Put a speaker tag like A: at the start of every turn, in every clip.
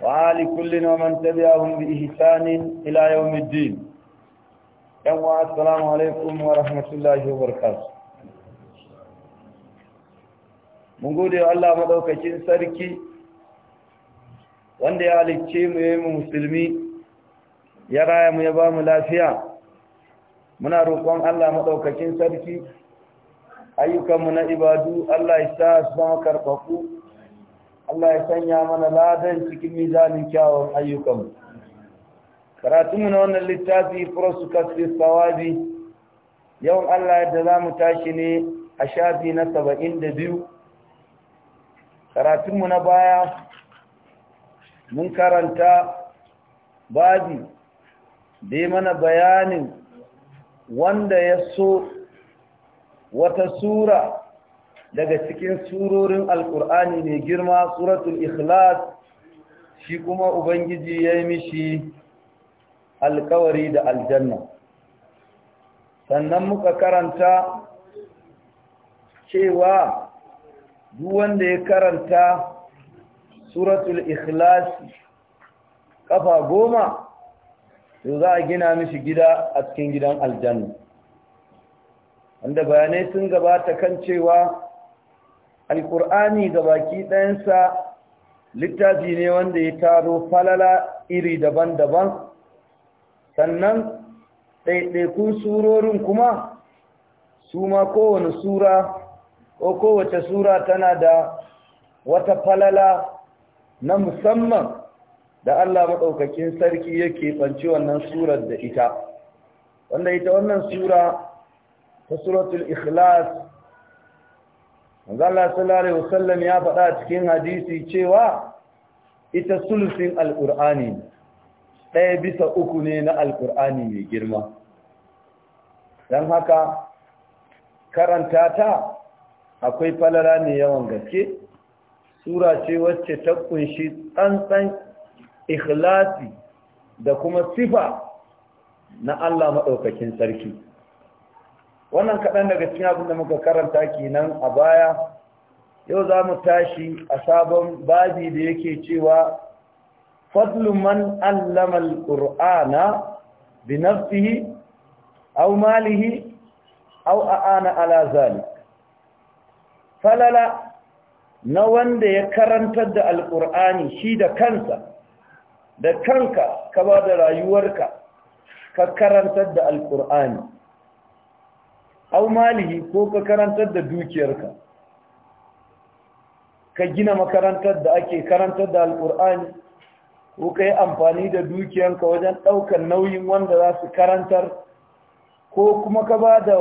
A: وآل كل ومن تبعهم بإحسان إلى يوم الدين يوم السلام عليكم ورحمة الله وبركاته mun gode wa Allah madaukakin sarki wanda ya halicce mu yayin musulmi ya raya mu ya ba mu lafiya muna roƙon Allah madaukakin sarki ayyukanmu na ibadu Allah yasa sa su zama karfafu Allah ya sanya mana ladan cikin mizanin kyawun ayyukanmu karatunmu na wannan littafi furosu kasri sawabi yawan Allah yadda za mu tashi ne a shafi na saba'in da biyu karatunmu na baya mun karanta babi da mana bayanin wanda ya so wata sura daga cikin surorin alkur'ani ne girma suratul ikhlas shi kuma ubangiji ya yi mishi alkawari da aljanna sannan muka karanta cewa duk wanda ya karanta suratul ikhlas kafa goma to za a gina mishi gida a cikin gidan aljanna wanda bayanai sun gabata kan cewa alkur'ani ga baki ɗansa littafi ne wanda ya taro falala iri daban-daban sannan ɗaiɗaikun surorin kuma su ma kowane sura ko kowace sura tana da wata falala na musamman da Allah maɗaukakin sarki yake fanci wannan surar da ita wanda ita wannan sura ta suratul ikhlas manzo Allah sallallahu alaihi wasallam ya faɗa cikin hadisi cewa ita sulusin alqur'ani ɗaya bisa uku ne na alqur'ani mai girma dan haka karanta ta akwai falala ne yawan gaske sura ce wacce ta kunshi tsantsan ikhlasi da kuma sifa na Allah maɗaukakin sarki wannan kadan daga cikin abin da muka karanta kenan a baya yau za mu tashi a sabon babi da yake cewa fadlu man allama alqur'ana bi nafsihi aw malihi aw aana ala zalik falala na wanda ya karantar da alqur'ani shi da kansa da kanka ka ba da rayuwarka ka karantar da alqur'ani au malihi ko ka karantar da dukiyarka ka gina makarantar da ake karantar da alkur'ani ko ka yi amfani da dukiyarka wajen ɗaukar nauyin wanda za su karantar ko kuma ka ba da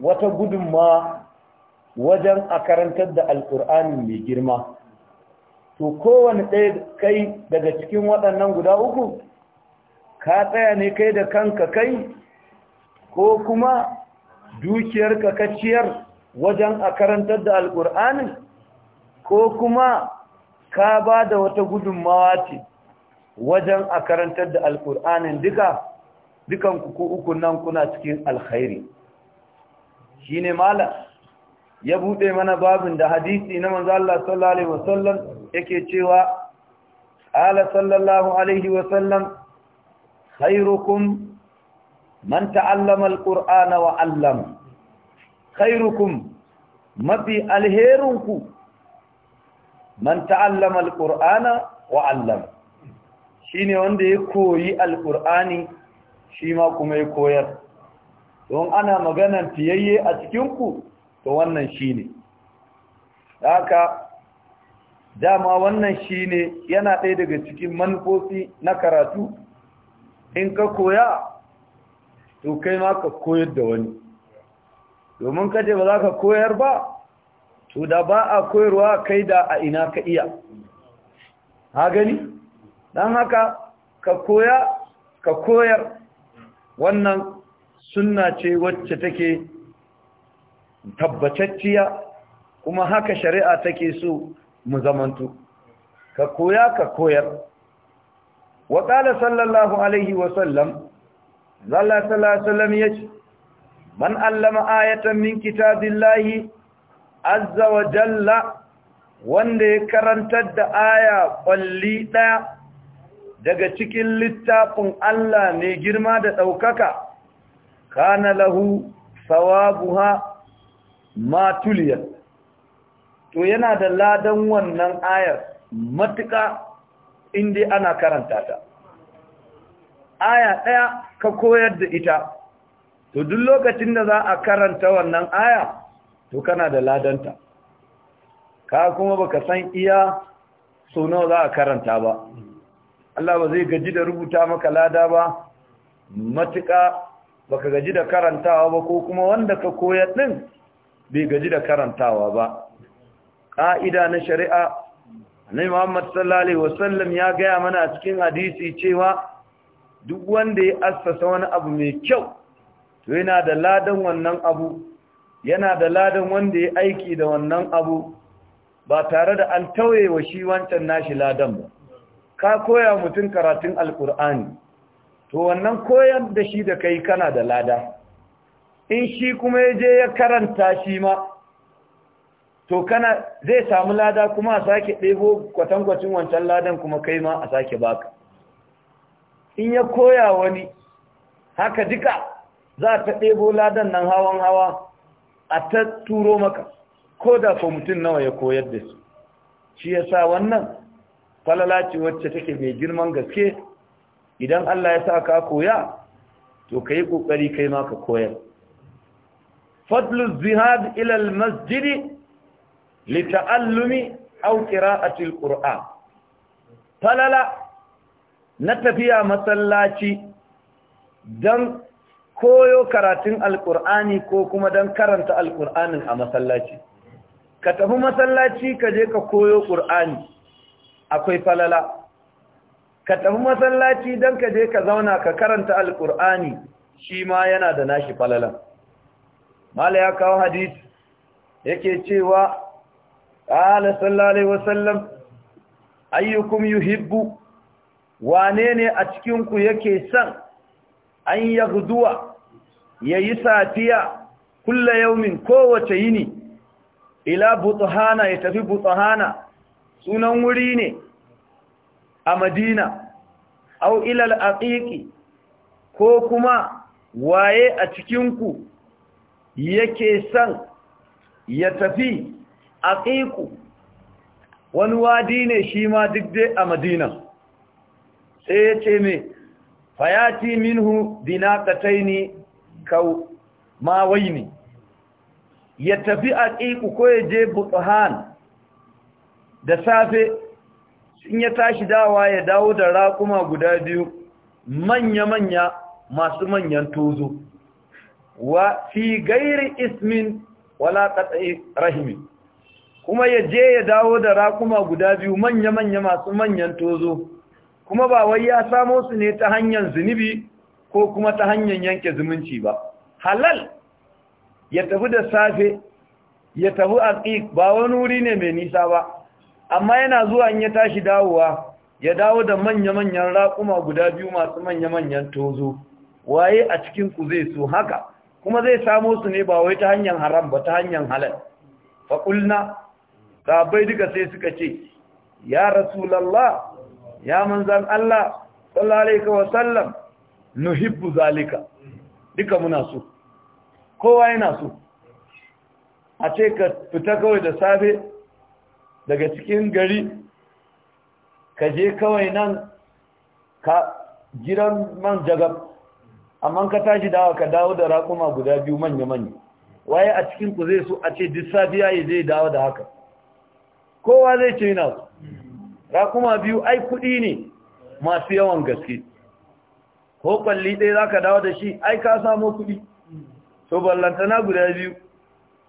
A: wata gudunma wajen a karantar da alkur'ani mai girma to kowane ɗaya kai daga cikin waɗannan guda uku ka tsaya ne kai da kanka kai ko kuma dukiyar ka ciyar wajen a karantar da alƙur'anin ko kuma ka ba da wata gudunmawa ce wajen a karantar da alƙur'anin duka dukan kuku uku nan kuna cikin alkhairi Shi ne mala ya buɗe mana babin da hadisi na manzo Allah sallallahu alaihi wasallam yake cewa ala sallallahu alaihi wasallam khairukum man ta'allama alqur'ana wa 'allama khairukum mafi alherinku man ta'allama alqur'ana wa shine wanda ya koyi alqur'ani shi ma kuma ya koyar don ana maganan fiyayye a cikinku to wannan shine haka dama wannan shine yana ɗaya daga cikin manufofi na karatu in ka koya to kai ma ka koyar da wani domin kaje ba za ka koyar ba to da ba a koyarwa kai da a ina ka iya ha gani dan haka ka koya ka koyar wannan sunna ce wacce take tabbatacciya kuma haka shari'a take so mu zamantu ka koya ka koyar wa qala sallallahu alaihi wa sallam Allah sallallahu alaihi wasallam yace man allama ayatan min kitabillahi azza wa jalla wanda ya karantar da aya ƙwalli daya daga cikin littafin Allah mai girma da daukaka kana lahu sawabuha ma tuliya to yana da ladan wannan ayar matuka inda ana karanta ta aya ɗaya ka koyar da ita to duk lokacin da za a karanta wannan aya to kana da ladanta ka kuma baka san iya so nawa za a karanta ba Allah ba zai gaji da rubuta maka lada ba matuƙa baka gaji da karantawa ba ko kuma wanda ka koyar din bai gaji da karantawa ba ƙa'ida na shari'a na Muhammad sallallahu alaihi wasallam ya gaya mana a cikin hadisi cewa duk wanda ya asfasa wani abu mai kyau to yana da ladan wannan abu yana da ladan wanda ya aiki da wannan abu ba tare da an tauye wa shi wancan nashi ladan ba ka koya mutum karatun alkur'ani to wannan koyar da shi da kai kana da lada in shi kuma ya je ya karanta shi ma to kana zai samu lada kuma a sake ɗebo kwatankwacin wancan ladan kuma kai ma a sake baka in ya koya wani haka duka za ta ɗebo ladan nan hawan hawa a ta turo maka ko da ko mutum nawa ya koyar da su shi ya sa wannan falala ce wacce take mai girman gaske idan Allah ya sa ka koya to ka yi ƙoƙari kai ma ka koyar fadlu zihad ilal masjidi lita'allumi au qira'atil qur'an falala na tafiya masallaci don koyo karatun alkur'ani ko kuma don karanta alkur'anin a masallaci ka tafi masallaci ka je ka koyo ƙur'ani akwai falala ka tafi masallaci don ka je ka zauna ka karanta alkur'ani shi ma yana da nashi falalan mala ya kawo hadith yake cewa ƙala sallallahu alaihi wasallam ayyukum yuhibbu wane ne a cikinku yake son an ya guduwa ya yi safiya kulla yaumin kowace yini ila butuhana ya tafi butuhana sunan wuri ne a madina au ilal aqiqi ko kuma waye a cikinku yake son ya tafi aqiqu wani wadi ne shi ma duk dai a madina sai ya ce me fayati minhu binaqataini kau ma waini ya tafi aqiqu ko ya je butuhan da safe Sun ya tashi dawa ya dawo da raƙuma guda biyu manya-manya masu manyan tozo wa fi gairi ismin wala katsayi rahimi kuma ya je ya dawo da raƙuma guda biyu manya-manya masu manyan tozo kuma ba wai ya samo su ne ta hanyar zunubi ko kuma ta hanyar yanke zumunci ba halal ya tafi da safe ya tafi aqiq ba wani wuri ne mai nisa ba amma yana zuwa in ya tashi dawowa ya dawo da manya-manyan raƙuma guda biyu masu manya-manyan tozo waye a cikin ku zai so haka kuma zai samo su ne ba wai ta hanyar haram ba ta hanyar halal faƙulna sabai duka sai suka ce ya rasulallah ya manzan Allah sallallahu alaihi wasallam nuhibbu zalika duka muna so kowa yana so a ce ka fita kawai da safe daga cikin gari ka je kawai nan ka giran man jagab amma ka tashi dawa ka dawo da raƙuma guda biyu manya-manya waye a cikin ku zai so a ce duk safiya ya zai dawo da haka kowa zai ce yana so kuma biyu ai kuɗi ne masu yawan gaske ko kwalli ɗaya za ka dawo da shi ai ka samo kuɗi to ballantana guda biyu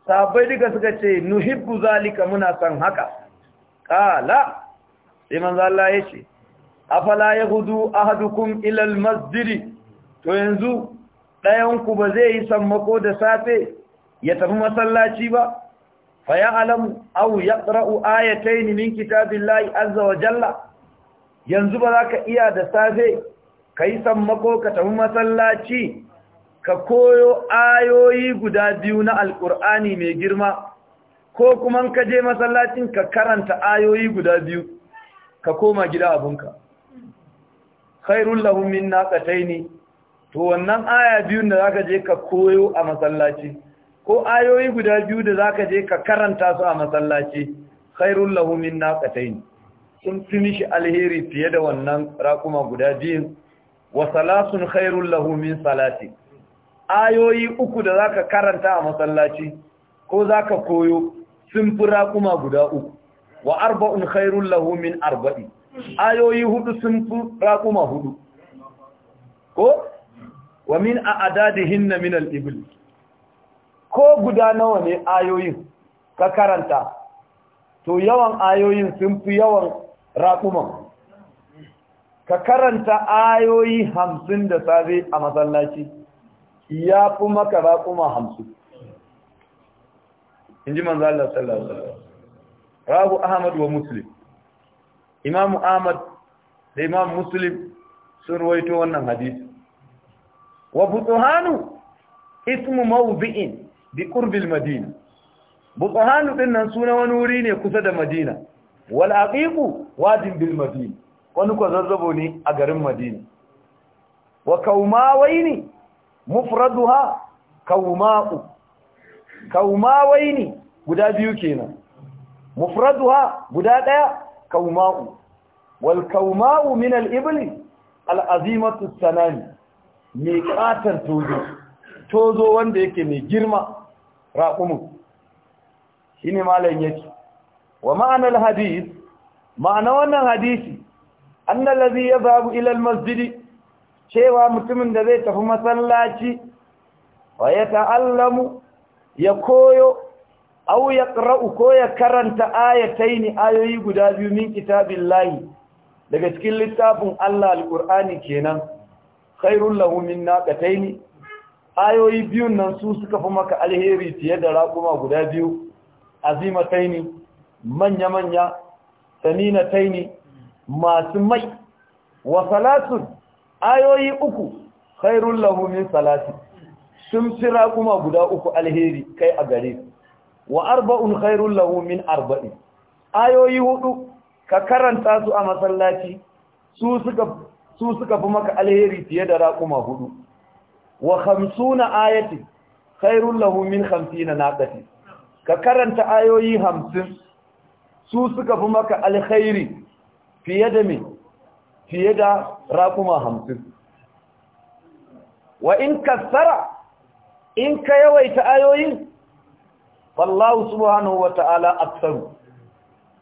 A: Sabai duka suka ce nuhibbu zalika muna san haka kala sai manzo Allah ya ce afala yahudu ahadukum ila almasjid to yanzu ɗayan ku ba zai yi sammako da safe ya tafi masallaci ba fa ya'lamu aw yaqra'u ayatayn min kitabillahi azza wa jalla yanzu ba za ka iya da safe kai sammako ka tafi masallaci ka koyo ayoyi guda biyu na alkur'ani mai girma ko kuma ka je masallacin ka karanta ayoyi guda biyu ka koma gida abinka khairul lahum min ne. to wannan aya biyun da zaka je ka koyo a masallaci ko ayoyi guda biyu da za ka je ka karanta su a masallaci khairun lahumin na katayin sun fi shi alheri fiye da wannan raƙuma guda biyu wa salasun khairun lahumin salati ayoyi uku da za ka karanta a masallaci ko za ka koyo sun fi raƙuma guda uku wa arba'un khairun lahumin arba'i ayoyi hudu sun fi raƙuma hudu ko wa min a adadihin na min ibil. ko guda nawa ne ayoyin ka karanta to yawan ayoyin sun fi yawan raƙuman ka karanta ayoyi hamsin da safe a masallaci ya fi maka raƙuma hamsin in ji manzala sallallahu rabu ahmad wa muslim imamu ahmad da imam muslim sun ruwaito wannan hadisi wa butuhanu ismu mawubi'in. bi qurbil madina buqahanu din nan suna wani wuri ne kusa da madina wal aqiqu wadin bil wani kwazazzabo ne a garin madina wa kaumawaini mufraduha kauma'u kaumawaini guda biyu kenan mufraduha guda ɗaya kauma'u wal kauma'u min al ibli al azimatu sanani mai katar tozo tozo wanda yake mai girma raƙumin shi ne malam yake wa ma'anar hadis ma'ana wannan hadisi annal ya yadhabu ila masjidi cewa mutumin da zai tafi masallaci wa ya ta'allamu ya koyo aw yaqra'u ko ya karanta ayataini ayoyi guda biyu min kitabillahi daga cikin littafin Allah Alƙur'ani kenan khairul lahu min naqataini ayoyi biyun nan su suka fi maka alheri fiye da raƙuma guda biyu azima taini manya-manya sanina taini masu mai wa salasun ayoyi uku khairun lahu min salasin sun fi raƙuma guda uku alheri kai a gare wa arba'un khairun lahu min arba'in ayoyi hudu ka karanta su a masallaci su suka fi maka alheri fiye da raƙuma hudu wa khamsuna ayatin khairul lahu min 50 naqati ka karanta ayoyi 50 su suka fi maka alkhairi fiye da me fiye da rakuma 50 wa in kassara in ka yawaita ayoyin wallahu subhanahu wata'ala aktsaru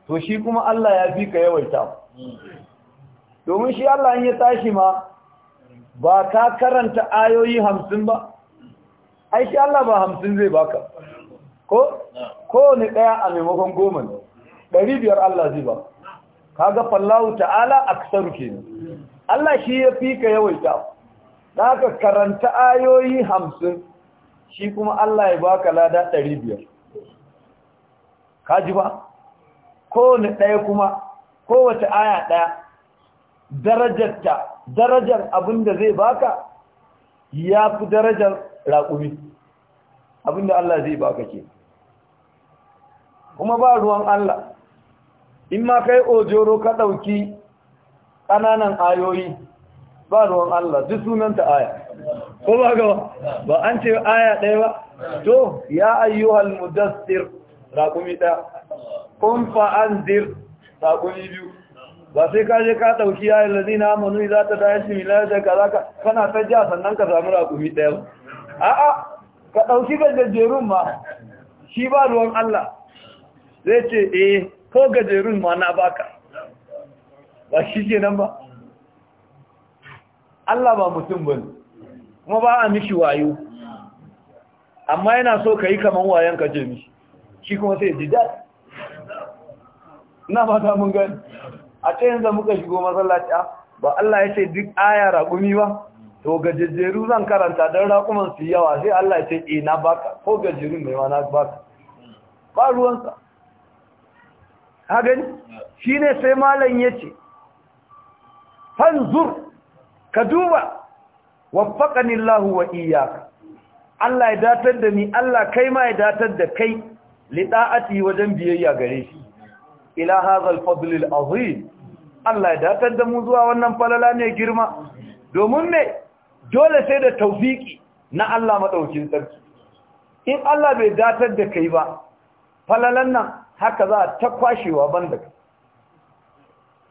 A: to shi kuma Allah ya fi ka yawaita hmm. domin shi Allah in ya tashi ma ba ka karanta ayoyi hamsin ba aiki Allah ba hamsin zai baka ko kowane ɗaya a maimakon goma ne ɗari biyar Allah zai ba ka ga fallahu ta'ala a kasar ke Allah shi ya fi ka yawaita da ka karanta ayoyi hamsin shi kuma Allah ya baka lada ɗari biyar ka ji ba Ko kowane ɗaya kuma kowace aya ɗaya darajarta darajar abin da zai baka ya fi darajar raƙumi abin da Allah zai baka ke kuma ba ruwan Allah in ma kai ojoro ka ɗauki ƙananan ayoyi ba ruwan Allah duk sunanta aya ko ba gaba ba an ce aya ɗaya ba to ya ayyuhal mudassir raƙumi ɗaya kun fa'an zir raƙumi biyu ba sai ka je ka dauki ya allazi na amanu za ta da shi mila da kaza ka kana ta ja sannan ka samu rakumi daya ba a'a ka dauki gajerun ma shi ba ruwan Allah zai ce eh ko gajerun ma na baka ba shi ke nan ba Allah ba mutum bane kuma ba a mishi wayo amma yana so ka yi kaman wayan ka je mishi shi kuma sai ji na ba ta mun gani a ce yanzu muka shigo masallaci ba Allah ya ce duk aya raƙumi ba to gajejjeru zan karanta don raƙuman su yawa sai Allah ya ce e na baka ko gajerun mai ma na baka ba ruwansa hagani shi ne sai malam ya ce fanzur ka duba wafaƙani Allah wa iyaka Allah ya datar da ni Allah kai ma ya datar da kai liɗa'ati wajen biyayya gare shi ila hazal al azim Allah ya datar da mu zuwa wannan falala ne girma domin me dole sai da tawfiki na Allah madaukin sarki in Allah bai datar da kai ba falalan nan haka za ta kwashewa banda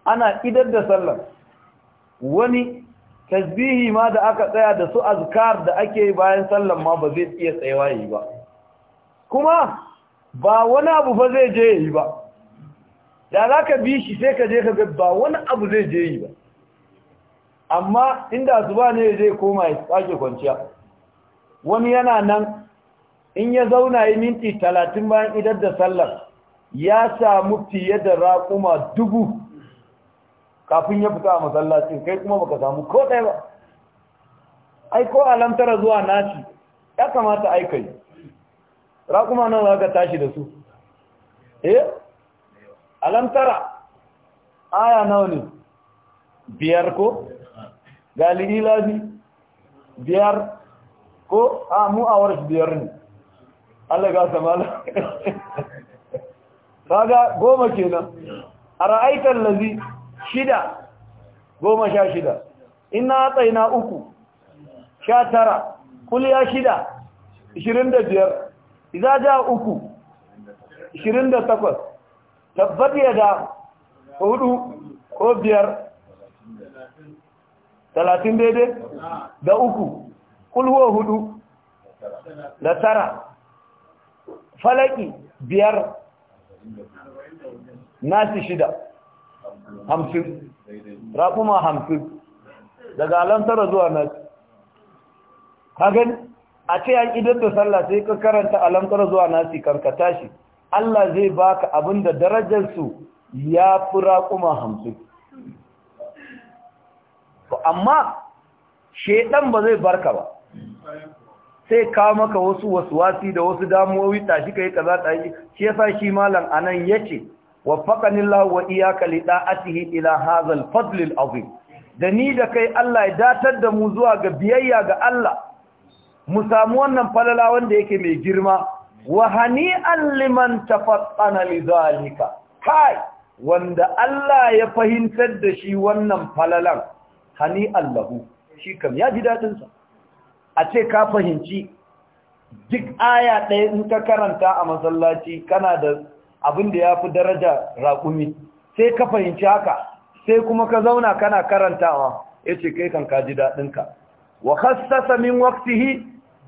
A: ana idar da sallar wani tasbihi ma da aka tsaya da su azkar da ake yi bayan sallar ma ba zai iya tsayawa yi ba kuma ba wani abu fa zai je yi ba da za ka bi shi sai ka je ka ga ba wani abu zai je yi ba amma inda zuba ne zai koma ya sake kwanciya wani yana nan in ya zauna yi minti talatin bayan idar da sallar ya samu fiye da raƙuma dubu kafin ya fita a masallacin kai kuma baka samu ko ɗaya ba ai ko alamtara zuwa nashi ya kamata aikai raƙuma nan za ka tashi da su eh alam tara aya nawa ne biyar ko galibi labi biyar ko a mu a warshi biyar ne Allah ga samala Raga goma kenan a ra'aitar lazi shida goma sha shida ina tsaina uku sha tara kuliya shida ishirin da biyar izaja uku ishirin da takwas tabbat yada hudu ko biyar talatin daidai da uku kulwo hudu da tara falaki biyar nasi shida hamsin raƙuma hamsin daga alantara zuwa nasi hagan a ce an idan da sallah sai ka karanta alantara zuwa nasi karkata shi Allah zai baka abin da su ya fi raƙuma hamsin amma shaidan ba zai barka ba sai kawo maka wasu wasu wasi da wasu damuwowi tashi za kaza yi, shi sa shi malam anan nan ya ce, wa lawa li da'atihi a cihi ila hazal fadlil abin, da ni da kai Allah ya datar da mu zuwa ga biyayya ga Allah mu samu wannan falala wanda yake mai girma wa hani'an liman tafattana lidhalika kai wanda Allah ya fahimtar da shi wannan falalan hani'an lahu shi kam ya ji dadin sa a ce ka fahimci duk aya ɗaya in ka karanta a masallaci kana da abin da ya daraja raƙumi sai ka fahimci haka sai kuma ka zauna kana karantawa yace ce kai kan ka dadin ka wa khassasa min waqtihi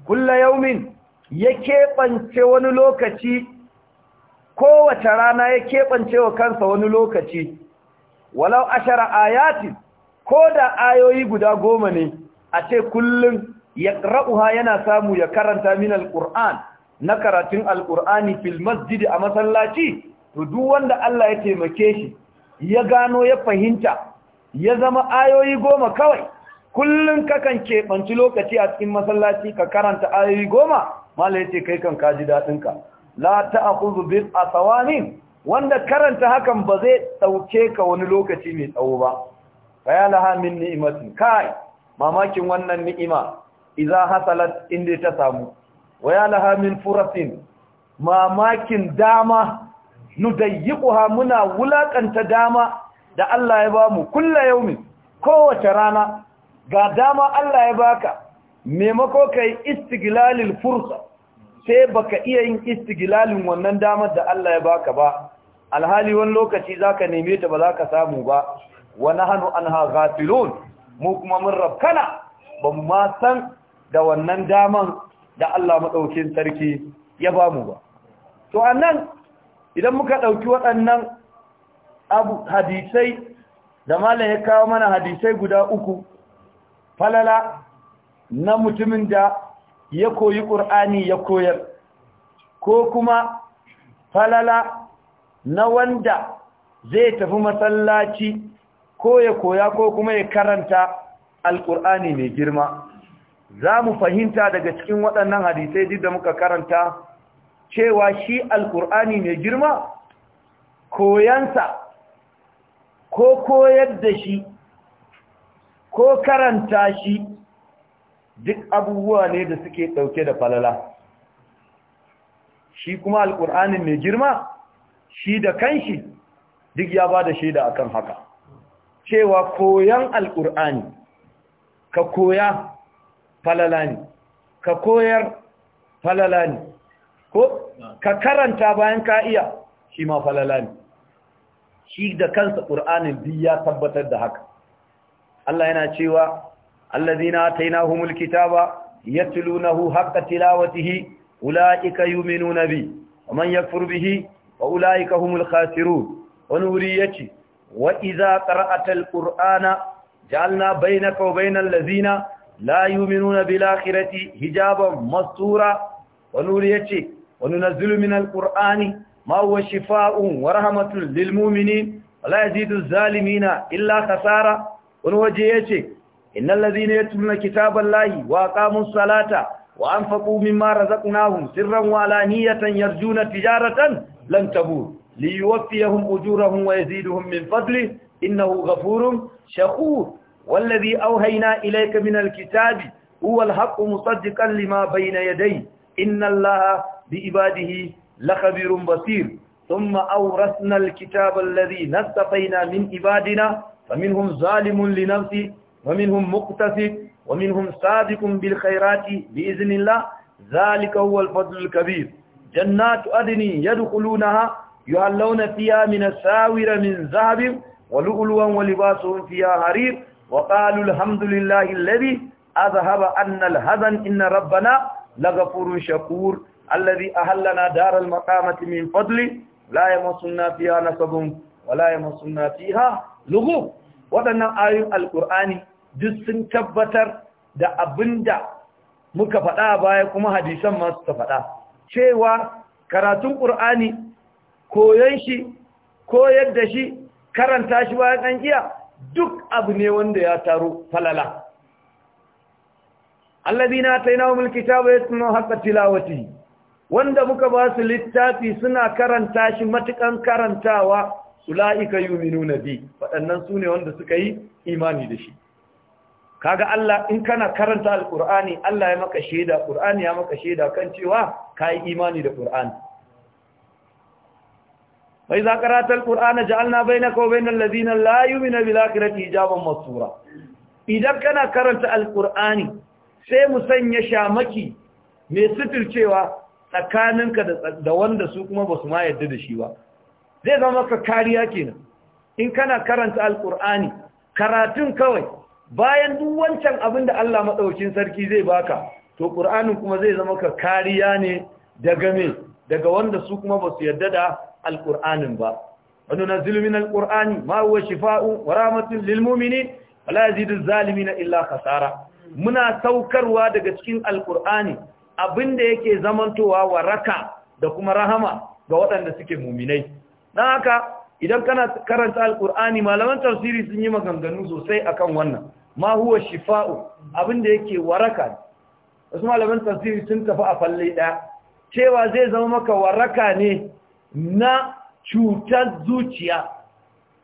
A: kullu yawmin ya keɓance wani lokaci kowace rana ya keɓance wa kansa wani lokaci walau ashara ayati ko da ayoyi guda goma ne a ce kullum ya ra'uha yana samu ya karanta min Al-Ƙur'an. na karatun alƙur'ani fil masjidi a masallaci to duk wanda Allah ya taimake shi ya gano ya fahimta ya zama ayoyi goma kawai kullum kakan keɓanci lokaci a cikin masallaci ka karanta ayoyi goma mala yace kai kan ka ji dadin ka la bin a tsawanin. wanda karanta hakan ba zai ɗauke ka wani lokaci mai tsawo ba fayalaha min ni'matin kai mamakin wannan ni'ima idza hasalat inda ta samu wayalaha min furasin mamakin dama nudayyiquha muna wulakanta dama da Allah ya ba bamu kullu yaumin kowace rana ga dama Allah ya baka maimako ka yi istigilalin fursa sai ba ka iya yin istigilalin wannan damar da Allah ya baka ba alhali wani lokaci za ka neme ta ba za ka samu ba wani hannu an ha gafilon mu kuma mun rafkana ba mu ma san da wannan damar da Allah maɗaukin sarki ya ba mu ba to annan idan muka ɗauki waɗannan abu hadisai da malam ya kawo mana hadisai guda uku falala na mutumin da ya koyi ƙur'ani ya koyar ko kuma falala na wanda zai tafi masallaci ko ya koya ko kuma ya karanta alƙur'ani mai girma za mu fahimta daga cikin waɗannan hadisai duk da muka karanta cewa shi alƙur'ani mai girma koyansa ko koyar da shi ko karanta shi duk abubuwa ne da suke ɗauke da falala shi kuma alƙur'anin mai girma shi da kanshi duk ya ba da shaida akan haka cewa koyan alƙur'ani ka koya falala ne ka koyar falala ne ko ka karanta bayan ka iya shi ma falala ne shi da kansa ƙur'anin biya tabbatar da haka Allah yana cewa Allah allazina atainahumul kitaba yatlunahu haqqa tilawatihi ulaika yu'minuna bi wa man yakfur bihi fa ulaika humul khasirun wani wuri yace wa idza qara'atal qur'ana ja'alna bainaka wa bainal ladzina la yu'minuna bil akhirati hijaban mastura wani wuri yace wa nunazzilu minal qur'ani ma huwa shifaa'un wa rahmatun lil mu'minin wa la yazidu adh-dhalimina illa khasara wani waje yace إن الذين يتلون كتاب الله وأقاموا الصلاة وأنفقوا مما رزقناهم سرا وعلانية يرجون تجارة لن تبور ليوفيهم أجورهم ويزيدهم من فضله إنه غفور شكور والذي أوهينا إليك من الكتاب هو الحق مصدقا لما بين يديه إن الله بإباده لخبير بصير ثم أورثنا الكتاب الذي نستطينا من إبادنا فمنهم ظالم لنفسه ومنهم مقتصد ومنهم سابق بالخيرات بإذن الله ذلك هو الفضل الكبير جنات أدن يدخلونها يهلون فيها من الساور من ذهب ولؤلوا ولباسهم فيها حرير وقالوا الحمد لله الذي أذهب أن الهزن إن ربنا لغفور شكور الذي أهلنا دار المقامة من فضله لا يمصنا فيها نصب ولا يمصنا فيها لغوب waɗannan ayoyin آية القرآن duk sun tabbatar da abinda muka faɗa a baya kuma hadisan masu ta faɗa cewa karatun ƙur'ani koyon shi koyar da shi karanta shi bayan an iya duk abu ne wanda ya taro falala na allazina atainahum ya suna haka tilawati wanda muka ba su littafi suna karanta shi matukan karantawa ulaika yu'minuna bi su ne wanda suka yi imani da shi kaga Allah in kana karanta alqur'ani Allah ya maka shaida qur'ani ya maka shaida kan cewa kai imani da qur'ani fa iza qara'ta alqur'ana ja'alna bainaka wa bainal ladina la yu'minu bil akhirati hijaban mastura idan kana karanta alqur'ani sai mu sanya shamaki mai suturcewa tsakaninka da wanda su kuma basu ma yarda da shi ba zai zama maka kariya kenan in kana karanta alqur'ani karatun kawai bayan duk wancan abin da Allah maɗaukin sarki zai baka to ƙur'anin kuma zai zama ka kariya ne daga me daga wanda su kuma ba su yarda da alƙur'anin ba wani na zulumin alƙur'ani ma huwa shifa'u wa rahmatun lil mu'minin wala yazidu zalimina illa khasara muna saukarwa daga cikin alƙur'ani abinda yake zamantowa waraka da kuma rahama ga waɗanda suke muminai dan haka idan kana karanta alƙur'ani malaman tafsiri sun yi maganganu sosai akan wannan ma huwa shifa'u abinda yake waraka wasu malaman tafsiri sun tafi a falle ɗaya cewa zai zama maka waraka ne na cutar zuciya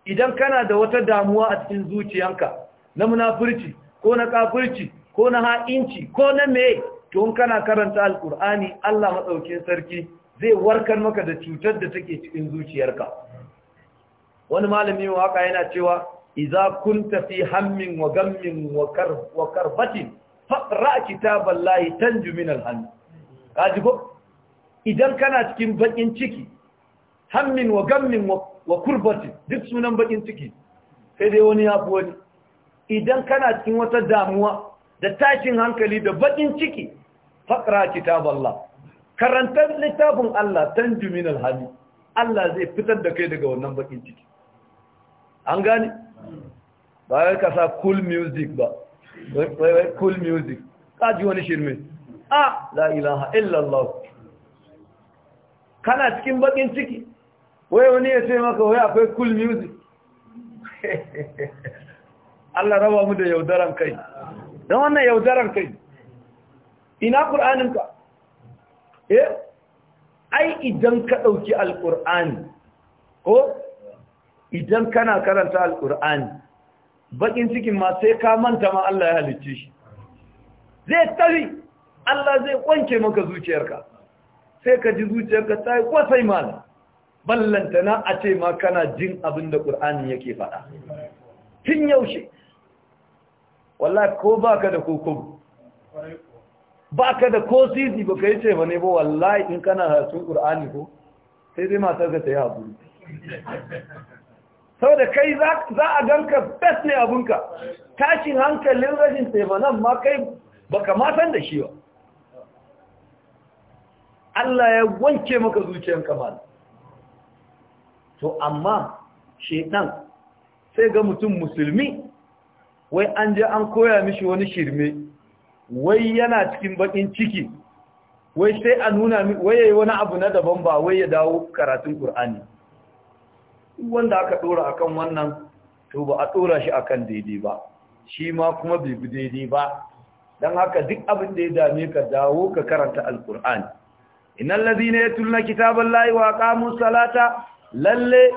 A: idan kana da wata damuwa a cikin zuciyanka na munafurci ko na kafirci ko na ha'inci ko na me to in kana karanta alkur'ani Allah madaukin sarki zai warkar maka da cutar da take cikin zuciyarka wani malami waka yana cewa Iza kunta fi hammin wa gammin wa karb wa karbatin faqra kitaballahi tanju min alham kaji ko idan kana cikin bakin ciki hammin wa gammin wa kurbatin duk sunan bakin ciki sai dai wani ya fi wani idan kana cikin wata damuwa da tashin hankali da bakin ciki faqra kitaballah karantar littafin Allah tanju min alham Allah zai fitar da kai daga wannan bakin ciki an gane ba wai kasa cool music ba wai cool music ka ji wani shirme a la'ilaha illallah kana cikin bakin ciki wai wani ya ce maka wai akwai cool music Allah raba mu da yaudaran kai don wannan yaudaran kai ina ƙur'aninka eh ai idan ka ɗauki alƙur'ani ko idan kana karanta alƙur'ani bakin cikin ma sai ka manta ma Allah ya halicce shi zai tafi Allah zai kwanke maka zuciyarka sai ka ji zuciyarka ta yi kwasai mala ballanta na a ce ma kana jin abin da ƙur'ani yake faɗa tun yaushe wallahi ko ba ka da ba ka da ko sisi ba kai ce ba ne ba wallahi in kana hasun ƙur'ani ko sai dai masar ka ta yi haƙuri saboda kai za a gan ka best ne abinka tashin hankalin rashin taimanan ma kai baka matan da shi ba Allah ya wanke maka zuciyar kamar to amma shaitan sai ga mutum musulmi wai an je an koya mishi wani shirme wai yana cikin bakin ciki wai sai a nuna wai yayi wani abu na daban ba wai ya dawo karatun ƙur'ani wanda aka dora akan wannan to ba a dora shi akan daidai ba shi ma kuma bai bi daidai ba dan haka duk abin da ya dame ka dawo ka karanta alqur'ani innal ladhina yatluna kitaballahi wa aqamus salata lalle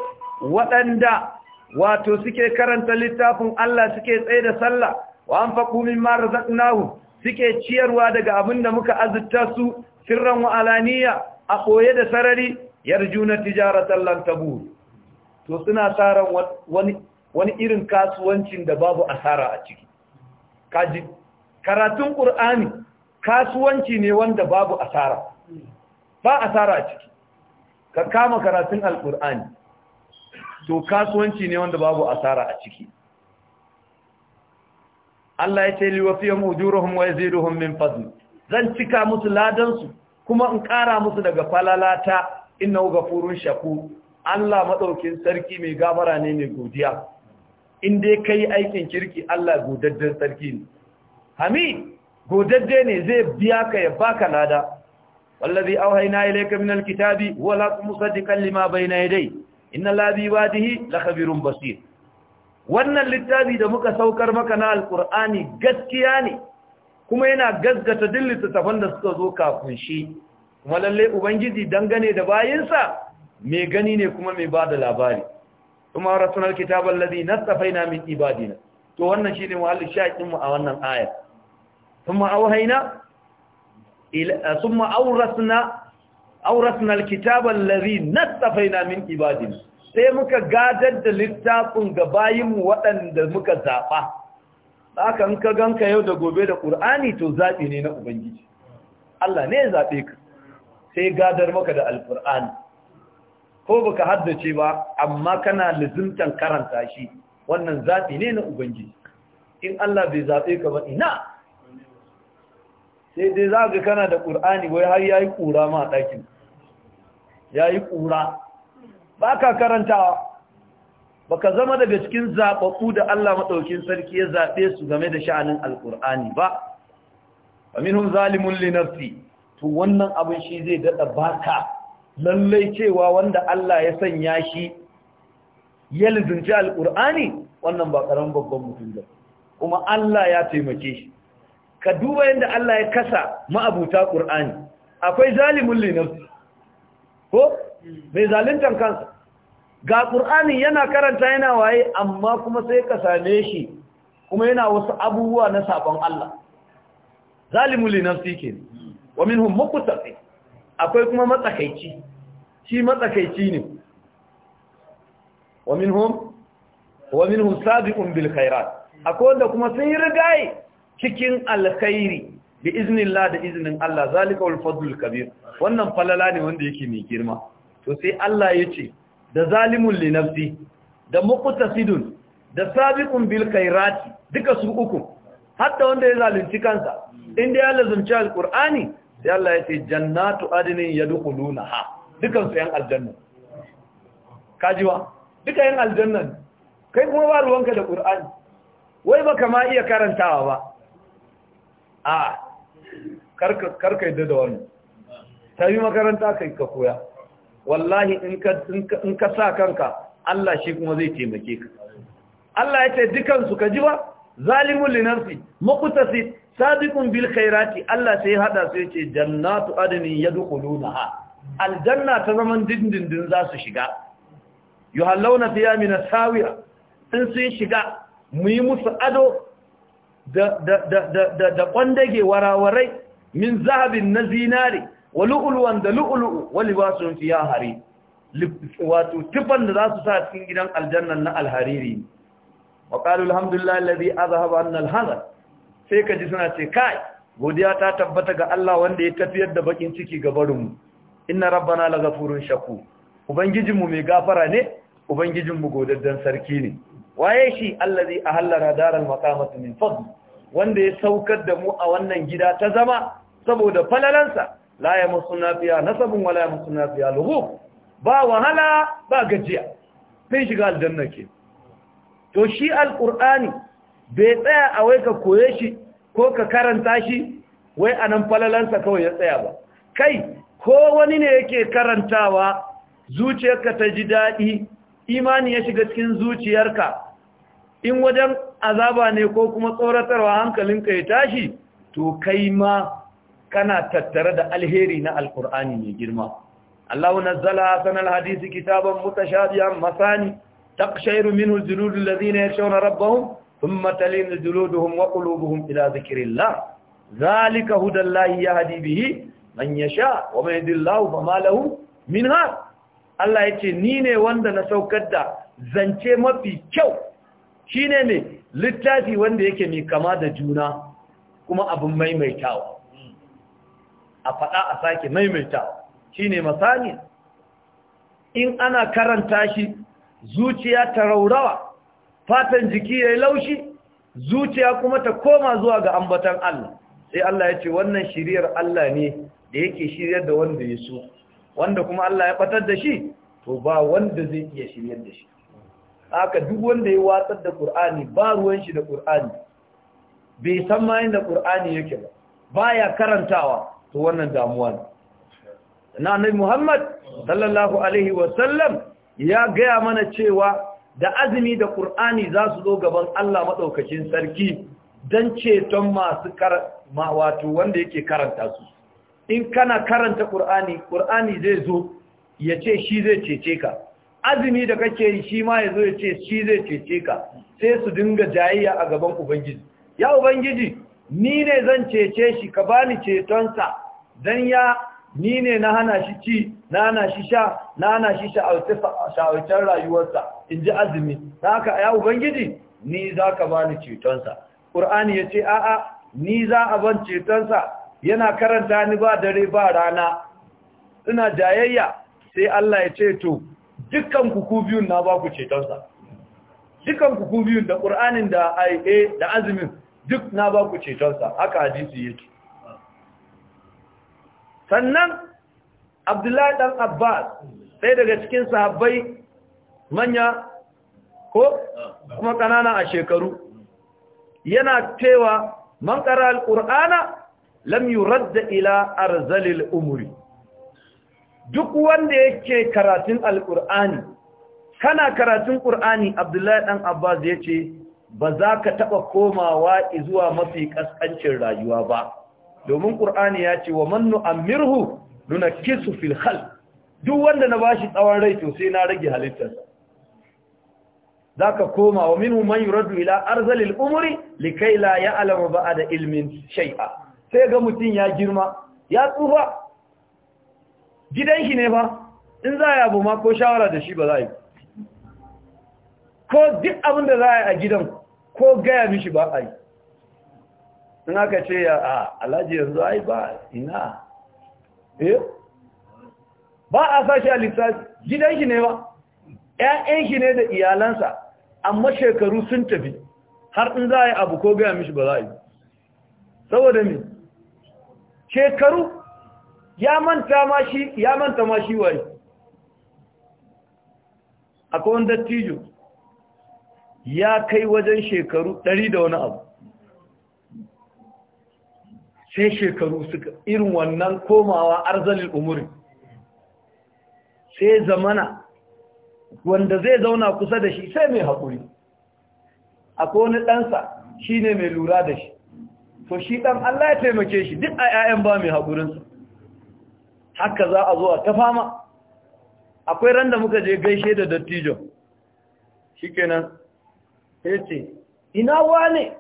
A: waɗanda wato suke karanta littafin Allah suke tsaye da sallah wa anfaqu mimma razaqnahu suke ciyarwa daga abin da muka azurta su sirran wa alaniya a koye da sarari yarjuna tijaratan lan tabu to suna tsara wani wani irin kasuwancin da babu asara a ciki kaji karatun qur'ani kasuwanci ne wanda babu asara ba asara a ciki ka kama karatun alqur'ani to kasuwanci ne wanda babu asara a ciki Allah ya ce liwafiyahum ujuruhum wa yaziduhum min fadli zan cika musu ladan su kuma in kara musu daga falalata innahu ghafurun shakur Allah maɗaukin sarki mai gafara ne mai godiya in dai ka yi aikin kirki Allah godadden sarki ne hami godadde ne zai biya ka ya baka lada wallazi yi ilayka min alkitabi wa ma bai na yi dai. inna labi wadihi dihi khabirun basir wannan littabi da muka saukar maka na Al’ur'ani gaskiya ne kuma yana gaskata dillita tafan da suka zo kafin shi kuma lalle ubangiji dangane da bayinsa mai gani ne kuma mai ba da labari kuma rasunar kitabar lazi na na min ibadina to wannan shi ne muhallin shaƙinmu a wannan aya sun ma'auhaina sun kitabar lazi na na min ibadina sai muka gadar da littafin ga bayinmu waɗanda muka zaɓa haka in ka yau da gobe da ƙur'ani to zaɓi ne na ubangiji Allah ne ya zaɓe ka sai gadar maka da alƙur'ani ko baka haddace ba amma kana lazimtan karanta shi wannan zaɓi ne na ubangiji in Allah bai zaɓe ka ba ina sai dai za ga kana da ƙur'ani wai har yayi yi ƙura ma ɗakin ya yi ƙura ba ka karantawa ba ka zama daga cikin zaɓaɓɓu da Allah maɗaukin sarki ya zaɓe su game da sha'anin alƙur'ani ba ba minhum zalimun linafsi to wannan abin shi zai daɗa baka lallai cewa wanda Allah ya sanya shi ya lizinci alƙur'ani wannan ba ƙaramin babban mutum ba kuma Allah ya taimake shi ka duba yadda Allah ya kasa ma'abuta ƙur'ani akwai zalimin linarsu ko mai zalintan kansa ga ƙur'ani yana karanta yana waye amma kuma sai ka same shi kuma yana wasu abubuwa na sabon Allah zalimin linarsu ke wa minhum muqtasid akwai kuma matsakaici shi matsakaici ne wa minhum wa minhum sabiqun bil khairat akwai wanda kuma sun yi rigayi cikin alkhairi bi iznillah da iznin Allah zalika wal fadlul kabir wannan falala ne wanda yake mai girma to sai Allah ce da zalimun li nafsi da muqtasidun da sabiqun bil khairat duka su uku hatta wanda ya zalunci kansa inda ya lazumci alqur'ani sai Allah ya ce jannatu adinin yadkhuluna ha dukan su yan aljanna kajiwa duka yan aljanna kai kuma ba ruwanka da qur'ani wai ba ma iya karantawa ba a karka karka yadda da wannan tayi makaranta kai ka koya wallahi in ka in ka sa kanka Allah shi kuma zai taimake ka Allah ya ce dukan su kajiwa zalimul linafsi muqtasid sabiqun bil khairati Allah sai hada sai ce jannatu adnin yadkhulunaha aljanna ta zaman dindindin za su shiga yuhallawna fiha min asawira in sun shiga mu yi musu ado da da da da da kwandage warawarai min zahabin na zinari wa lu'uluwan da lu'ulu'u wa libasun fiha hari wato tufan da za su sa cikin gidan aljannan na alhariri wa qalu alhamdulillahi alladhi azhaba anna alhazan sai ka ji suna ce kai godiya ta tabbata ga Allah wanda ya tafiyar da bakin ciki ga barinmu inna rabbana lagafurun shaku ubangijinmu mai gafara ne ubangijinmu godaddan sarki ne waye shi allazi ahallara daral maqamati min fadl wanda ya saukar da mu a wannan gida ta zama saboda falalansa la ya fiya nasabun wala ya fiya lughub ba wahala ba gajiya sai shiga aljanna ke to shi alqur'ani bai tsaya a wai ka koye shi ko ka karanta shi wai a nan falalansa kawai ya tsaya ba kai ko wani ne yake karantawa zuciyarka ta ji daɗi imani ya shiga cikin zuciyarka in wajen azaba ne ko kuma tsoratarwa hankalinka ya tashi to kai ma kana tattare da alheri na alkur'ani mai girma Allah nazzala sanal hadisi kitaban mutashabihan masani taqshayru minhu juludul ladina yakhshawna rabbahum ثم تلين جلودهم وقلوبهم إلى ذكر الله ذلك هدى الله يهدي به من يشاء ومن يهدي الله فما له Allah ya ce ni ne wanda na saukar da zance mafi kyau Shi ne littafi wanda yake mai kama da juna kuma abin maimaitawa a faɗa a sake maimaitawa shine masani in ana karanta shi zuciya ta raurawa fatan jiki yayi laushi zuciya kuma ta koma zuwa ga ambatan Allah sai Allah ya ce wannan shiriyar Allah ne da yake shiriyar da wanda ya so wanda kuma Allah ya batar da shi to ba wanda zai iya shiriyar da shi haka duk wanda ya watsar da Qur'ani ba ruwan shi da Qur'ani bai san ma inda Qur'ani yake ba baya karantawa to wannan damuwa ne na Annabi Muhammad sallallahu alaihi wa sallam ya gaya mana cewa da azumi da ƙur'ani za su zo gaban Allah maɗaukacin sarki don ceton masu wato wanda yake karanta su in kana karanta ƙur'ani ƙur'ani zai zo ya ce shi zai cece ka azumi da kake yi shi ma ya zo ya ce shi zai cece ka sai su dinga jayayya a gaban ubangiji ya ubangiji ni ne zan cece shi ka bani cetonsa don ya ni ne na hana shi ci na hana shi sha na hana shi sha'awacin rayuwarsa in ji azumi ta haka ya ubangiji ni za ka ba ni cetonsa ƙur'ani ya ce a'a ni za a ban cetonsa yana karanta ni ba dare ba rana ina jayayya sai Allah ya ce to dukkan kuku biyun na ba ku cetonsa dukkan kuku biyun da ƙur'anin da aie eh, da azumin duk na ba ku cetonsa haka hadisi yake sannan abdullahi dan abbas sai daga cikin sahabbai manya ko kuma kanana a shekaru yana cewa man qara alqur'ana lam yurad ila arzalil umri duk wanda yake karatun alqur'ani kana karatun ƙur'ani abdullahi dan abbas yace ba za ka taɓa komawa zuwa mafi kaskancin rayuwa ba domin ƙur'ani ya ce wa mannu amirhu nuna fil hal. duk wanda na ba shi tsawon rai to sai na rage halittarsa ka koma wa minu man yuradu ila arzalil umri alama ba a da ilmin shai'a. sai ga mutum ya girma ya tsufa gidan ne ba? in za a abu ma ko shawara da shi ba za a yi ko duk abin da za a yi a gidan ko gaya mishi ba a yi in aka ce a alhaji yanzu ai ba ina eh ba a sashi a lissafi gidan shi ne ba ‘ya'yan shi ne da iyalansa amma shekaru sun tafi har in za a yi abu ko gaya mishi ba za a yi saboda mi shekaru ya manta ma shi ya manta ma shi waye akwai wani dattijo ya kai wajen shekaru ɗari da wani abu sai shekaru suka irin wannan komawa arzalin umurin sai zamana wanda zai zauna kusa da shi sai mai haƙuri akwai wani ɗansa shi ne mai lura da shi to shi ɗan Allah ya taimake shi duk a ‘ya'yan ba mai haƙurinsa haka za a zuwa ta fama akwai randa muka je gaishe da dattijo shi kenan ya ce ina wane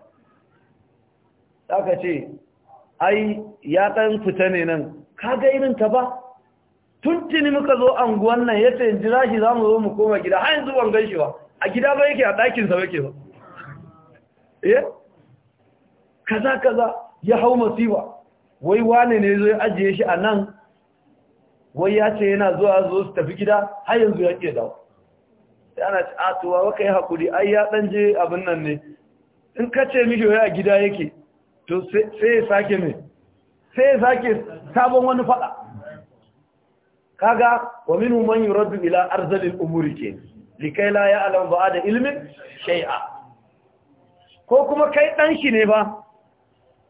A: aka ce ai ya ɗan fita ne nan ga irin ta ba tuntuni muka zo anguwan nan yace in jira shi zamu zo mu koma gida har yanzu ban gan shi ba a gida ba yake a ɗakin sa yake ba eh kaza kaza ya hau masiba wai wane ne zo ya ajiye shi a nan wai ya ce yana zuwa zo su tafi gida har yanzu ya ke yana sai ana ci atuwa waka yi hakuri ai ya ɗan je abin nan ne in ka ce mishi wai a gida yake to sai ya sake mai sai ya sake sabon wani fada kaga wa minhu man yuraddu ila arzalil umuri ke likai la ya'lam ba'da ilmin shay'a ko kuma kai dan shi ne ba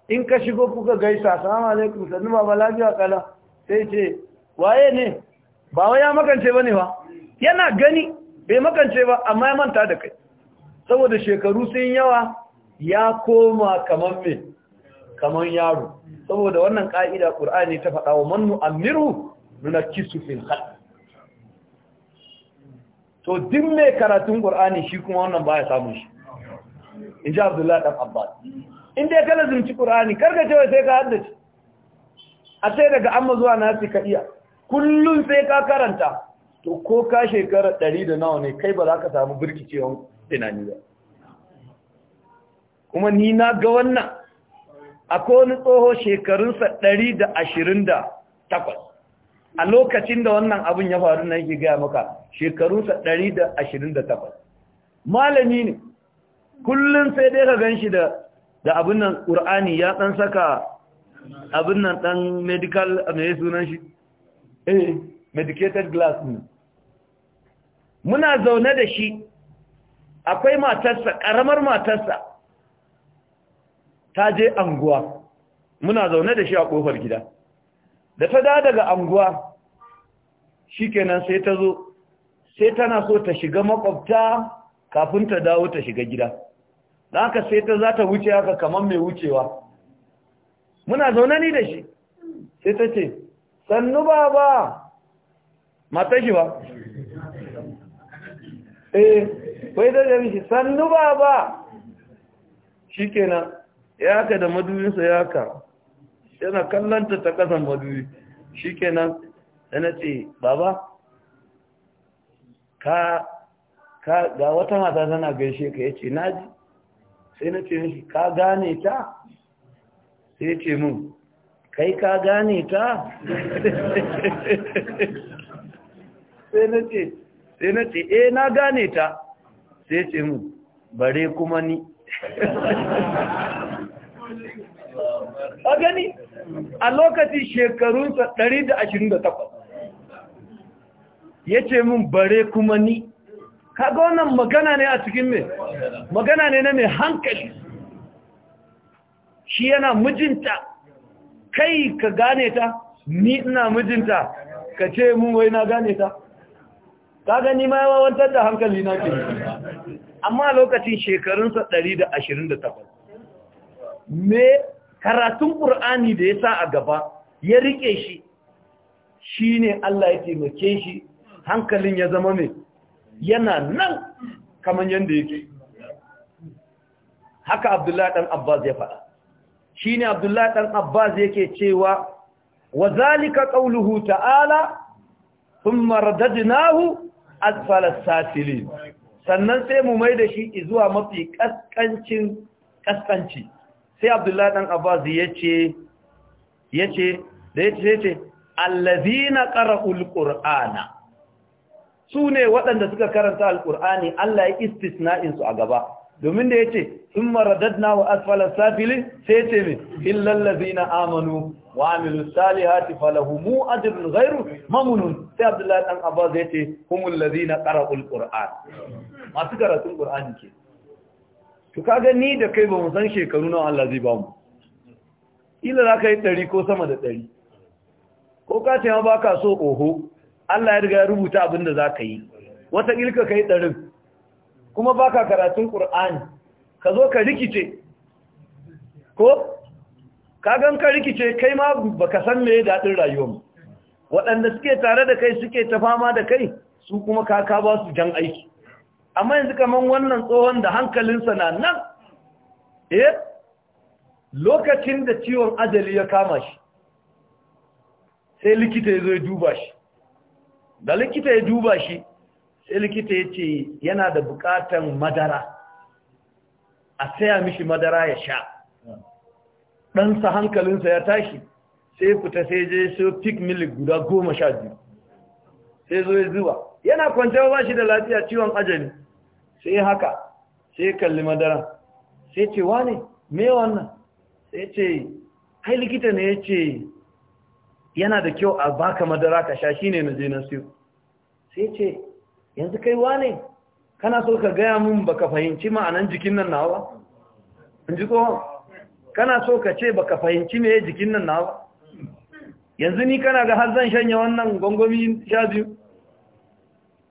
A: in ka shigo kuka gaisa assalamu alaikum sannu baba lafiya kala sai ce waye ne ba wai ya makance bane ba yana gani bai makance ba amma ya manta da kai saboda shekaru sun yawa ya koma kamar mai kamar yaro saboda wannan ka'ida qur'ani ta faɗa wa mannu amiru nunakkisu fil khalq to din me karatun qur'ani shi kuma wannan baya samun shi in ji abdullahi dan abbas in dai ka lazumci qur'ani karka ce sai ka haddace a sai daga amma zuwa na ka iya kullun sai ka karanta to ko ka shekarar ɗari da nawa ne kai ba za ka samu ina ni ba kuma ni na ga wannan akwai wani tsoho shekarunsa ɗari da ashirin da takwas a lokacin da wannan abin ya faru na yake gaya maka shekarunsa ɗari da ashirin da takwas malami ne kullum sai dai ka gan shi da abin nan ƙur'ani ya ɗan saka abin nan ɗan medical mai sunan shi eh medicated glass ne muna zaune da shi akwai matarsa ƙaramar matarsa ta je anguwa muna zaune da shi a kofar gida da ta da daga anguwa shi kenan sai ta zo sai tana so ta shiga makwabta kafin ta dawo ta shiga gida da haka sai ta za ta wuce haka kamar mai wucewa muna zaune ni da shi sai ta ce sannu baba mata shi ba eh wai da jami shi sannu baba shi kenan ya haka da madubinsa ya ka yana kallanta ta kasan madubi shi kenan yana ce baba ka ga wata mata tana gaishe ka ya ce naji sai na ce mishi ka gane ta sai ya ce mun kai ka gane ta sai na ce sai na ce eh na gane ta sai ya ce mun bare kuma ni a gani a lokacin shekarunsa 128 ya ce min bare kuma ni kaga wannan magana ne a cikin mai magana ne na mai hankali shi yana mijinta kai ka gane ta ni ina mijinta ka ce mun wai na gane ta ka gani ma yawantar da hankali na ke amma lokacin shekarunsa 128 me karatun ƙur'ani da ya sa a gaba ya riƙe shi shi ne Allah ya taimake shi hankalin ya zama mai yana nan kamar yadda ya ce haka abdullahi ɗan abbas ya faɗa shi ne abdullahi ɗan abbas yake cewa wa zalika ƙauluhu ta'ala sun maradadinahu asfalar safilin sannan sai mu mai da shi zuwa mafi ƙasƙancin ƙasƙanci sai abdullahi dan abbas yace yace da yace yace allazina qara'ul sune waɗanda suka karanta alqur'ani Allah ya istisna'in su a gaba domin da yace thumma radadna wa asfala safili sai yace me illal ladina amanu wa amilus salihati mu ajrun ghairu mamnun sai abdullahi dan abbas yace humul ladina qara'ul qur'an masu karatun ƙur'ani ke to kaga ni da kai ba mu san shekaru nawa Allah zai ba mu ila za ka yi ɗari ko sama da ɗari ko ka ce ba ka so oho Allah ya riga ya rubuta abin da za ka yi wata ilka ka yi ɗarin kuma ba ka karatun ƙur'ani ka zo ka rikice ko kagan ka rikice kai ma ba ka san me daɗin rayuwar waɗanda suke tare da kai suke ta fama da kai su kuma kaka ba su jan aiki amma yanzu kamar wannan tsohon da hankalinsa na nan eh lokacin da ciwon ajali ya kama shi sai likita ya zo ya duba shi da likita ya duba shi sai likita ya ce yana da bukatan madara a saya mishi madara ya sha ɗansa hankalinsa ya tashi sai fita sai je so pig milik guda goma sha biyu sai zo ya zuwa. yana kwanciyar ba shi da lafiya ciwon ajali sai haka sai kalli madara sai ce wane me wannan sai ce kai likita ne ya ce yana da kyau a baka madara ka sha ne na je na siyo sai ce yanzu kai wane kana so ka gaya min baka fahimci ma'anan jikin nan nawa in ji kowa kana so ka ce baka fahimci me jikin nan nawa yanzu ni kana ga har zan shanya wannan gwangwami sha biyu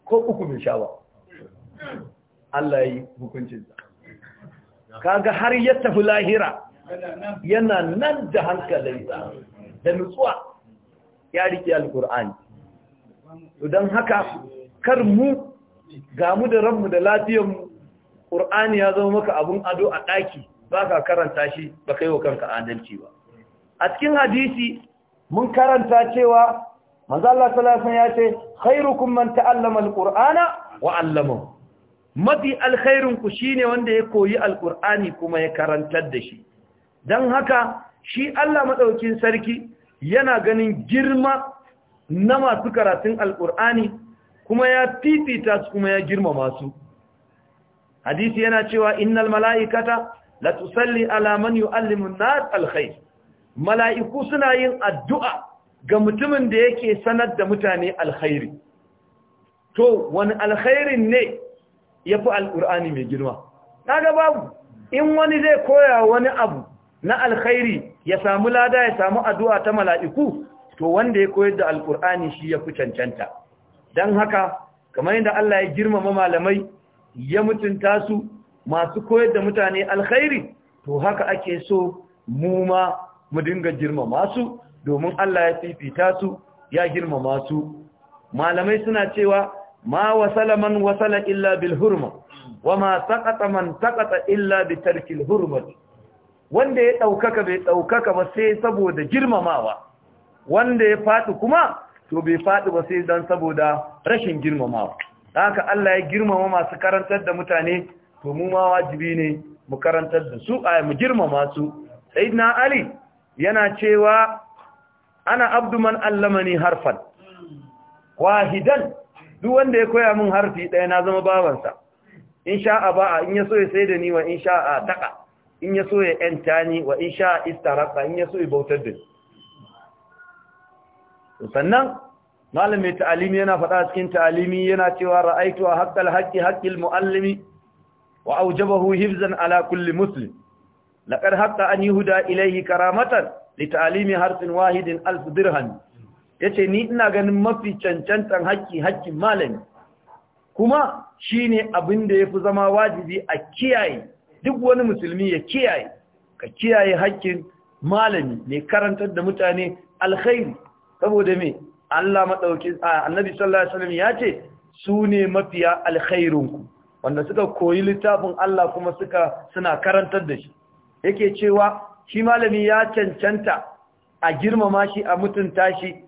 A: ko uku bin sha ba Allah yi hukuncinsa kaga har ya tafi lahira yana nan da hankalinsa da nutsuwa ya riƙe alkur'ani don haka kar mu gamu da ranmu da lafiyanmu ƙur'ani ya zama maka abin ado a ɗaki ba ka karanta shi ba kai wa kanka adalci ba a cikin hadisi mun karanta cewa manzo Allah ya ce Khairukun man ta'allama alqur'ana wa mafi alkhairinku shi ne wanda ya koyi alkur'ani kuma ya karantar da shi don haka shi Allah maɗaukin sarki yana ganin girma na masu karatun alkur'ani kuma ya fifita su kuma ya girma masu. hadisi yana cewa innal mala'ikata la tusalli ala man yu'allimu an-nas mala'iku suna yin addu'a ga mutumin da yake sanar da mutane alkhairi to wani alkhairin ne ya fi alƙur'ani mai girma na ga babu in wani zai koya wani abu na alkhairi ya samu lada ya samu addu'a ta mala'iku to wanda ya koyar da alkur'ani shi ya fi cancanta don haka kamar yadda Allah ya girmama malamai ya mutunta su masu koyar da mutane alkhairi to haka ake so mu ma mu dinga girmama su domin Allah ya fifita su ya girmama su malamai suna cewa ma wasala man wasala illa bil hurma wama saqata man saqata illa bi tarkil hurma wanda ya daukaka bai daukaka ba sai saboda girmamawa wanda ya fadi kuma to bai fadi ba sai dan saboda rashin girmamawa haka Allah ya girmama masu karantar da mutane to mu ma wajibi ne mu karantar da su a mu girmama su sayyidina ali yana cewa ana abdu man allamani harfan wahidan duk wanda ya koya min harfi ɗaya na zama babansa in sha'a ba'a in ya so ya sai da ni wa in sha'a taƙa in ya so ya ‘yanta ni wa in sha'a istaraka in ya so ya bautar da ni sannan malami ta'alimi yana faɗa cikin ta'alimi yana cewa ra'aitu a haƙƙal haƙƙi haƙƙil mu'allimi wa aujabahu hifzan ala kulli muslim laqad haqqa an yuhda ilaihi karamatan li ta'alimi harfin wahidin alf dirham ya ce ni ina ganin mafi cancantar haƙƙi haƙƙin malami kuma shi ne abin da ya fi zama wajibi a kiyaye duk wani musulmi ya kiyaye ka kiyaye haƙƙin malami mai karantar da mutane alkhairi saboda me Allah madaukin annabi sallallahu alaihi wasallam ya ce su ne mafiya alkhairunku wanda suka koyi littafin Allah kuma suka suna karantar da shi yake cewa shi malami ya cancanta a girmama shi a mutunta shi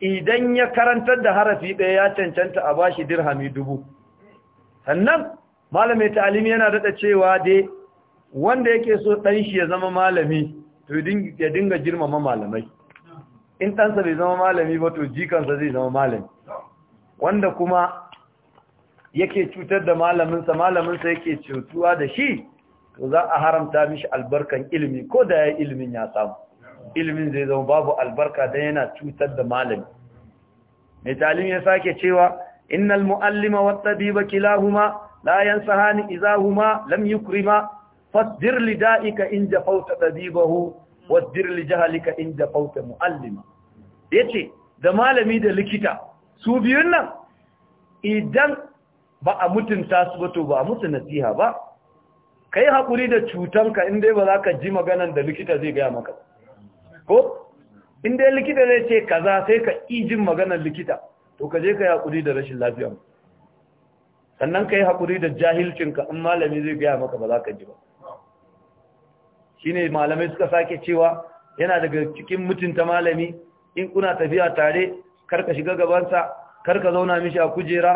A: idan ya karantar da harafi ɗaya ya cancanta a bashi dirhami dubu sannan malamin ta'alimi yana daɗa cewa dai wanda yake so ɗan shi ya zama malami to ya dinga girmama malamai in ɗansa bai zama malami ba to jikansa zai zama malami wanda kuma yake cutar da malaminsa malaminsa yake cutuwa da shi to za a haramta mishi albarkan ilimi ko da ya ilimin ya samu ilimin zai zama babu albarka dan yana cutar da malami mai talim ya sake cewa innal muallima wat tabiba kilahuma la yansahani izahuma lam yukrima fasdir li da'ika in jafauta tabibahu wasdir li jahlika in jafauta muallima yace da malami da likita su biyun nan idan ba a mutunta su ba to ba a mutu nasiha ba kai hakuri da cutanka in dai ba za ka ji maganan da likita zai gaya maka ko in dai likita zai ce kaza sai ka ijin maganar likita to ka je ka yi hakuri da rashin lafiya sannan ka yi hakuri da jahilcin ka in malami zai gaya maka ba za ka ji ba Shi ne malamai suka sake cewa yana daga cikin mutunta malami in kuna tafiya tare karka shiga gabansa kar ka zauna mishi a kujera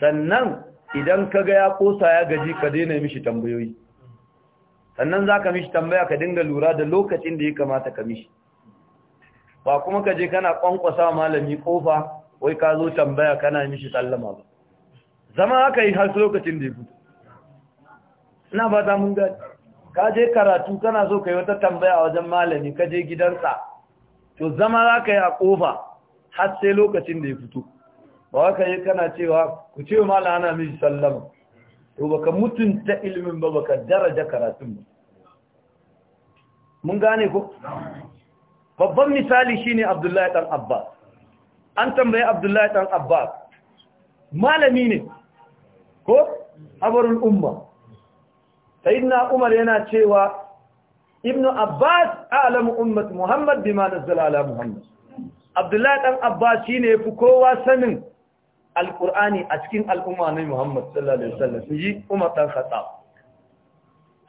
A: sannan idan ka ga ya ƙosa ya gaji ka daina mishi tambayoyi sannan za ka mishi tambaya ka dinga lura da lokacin da ya kamata ka mishi ba kuma ka je kana kwankwasa malami kofa wai ka zo tambaya kana mishi sallama ba zama aka yi har lokacin da ya fito ina ba ta mun gani ka je karatu kana so ka yi wata tambaya a wajen malami ka je gidansa to zama za ka yi a kofa har sai lokacin da ya fito ba waka yi kana cewa ku ce malam ana mishi sallama to baka mutunta ilimin ba baka daraja karatun ba mun gane ko babban misali shine Abdullahi dan Abbas an tambaye Abdullahi dan Abbas malami ne ko abarul umma sayyidina Umar yana cewa Ibn Abbas a'lamu ummat Muhammad bima nazzala ala Muhammad Abdullahi dan Abbas shine fi kowa sanin alqur'ani a cikin al'umma na Muhammad sallallahu alaihi wasallam shi Umar dan Khattab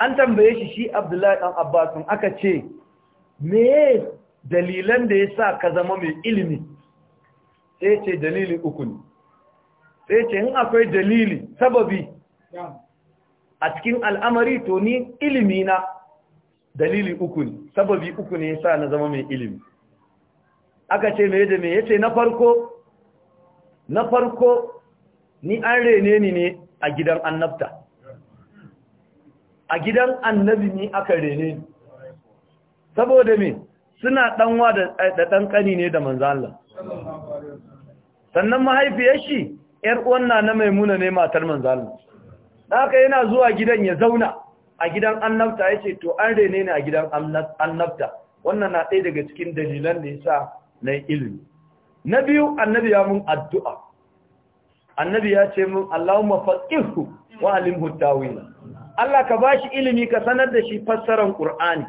A: an tambaye shi shi Abdullahi dan Abbas aka ce me dalilan da ya sa ka zama mai ilimi sai ce dalili uku ne sai ce in akwai dalili sababi a cikin al'amari to ni ilimi na dalili uku ne sababi uku ne ya sa na zama mai ilimi aka ce mai da mai ya ce na farko na farko ni an rene ni ne a gidan annabta a gidan annabi ni aka rene saboda mai suna ɗanwa da ɗan eh, ƙani ne da manzo sannan mahaifiyar shi ‘yar uwanna na maimuna ne matar manzo Ɗaka yana zuwa gidan ya zauna a gidan annabta ya ce to an rene ne a gidan annabta wannan na ɗaya daga cikin dalilan da ya sa na ilimi na biyu annabi ya mun addu'a annabi ya ce mun Allahumma faqihu wa alimhu Allah ka bashi ilimi ka sanar da shi fassaran ƙur'ani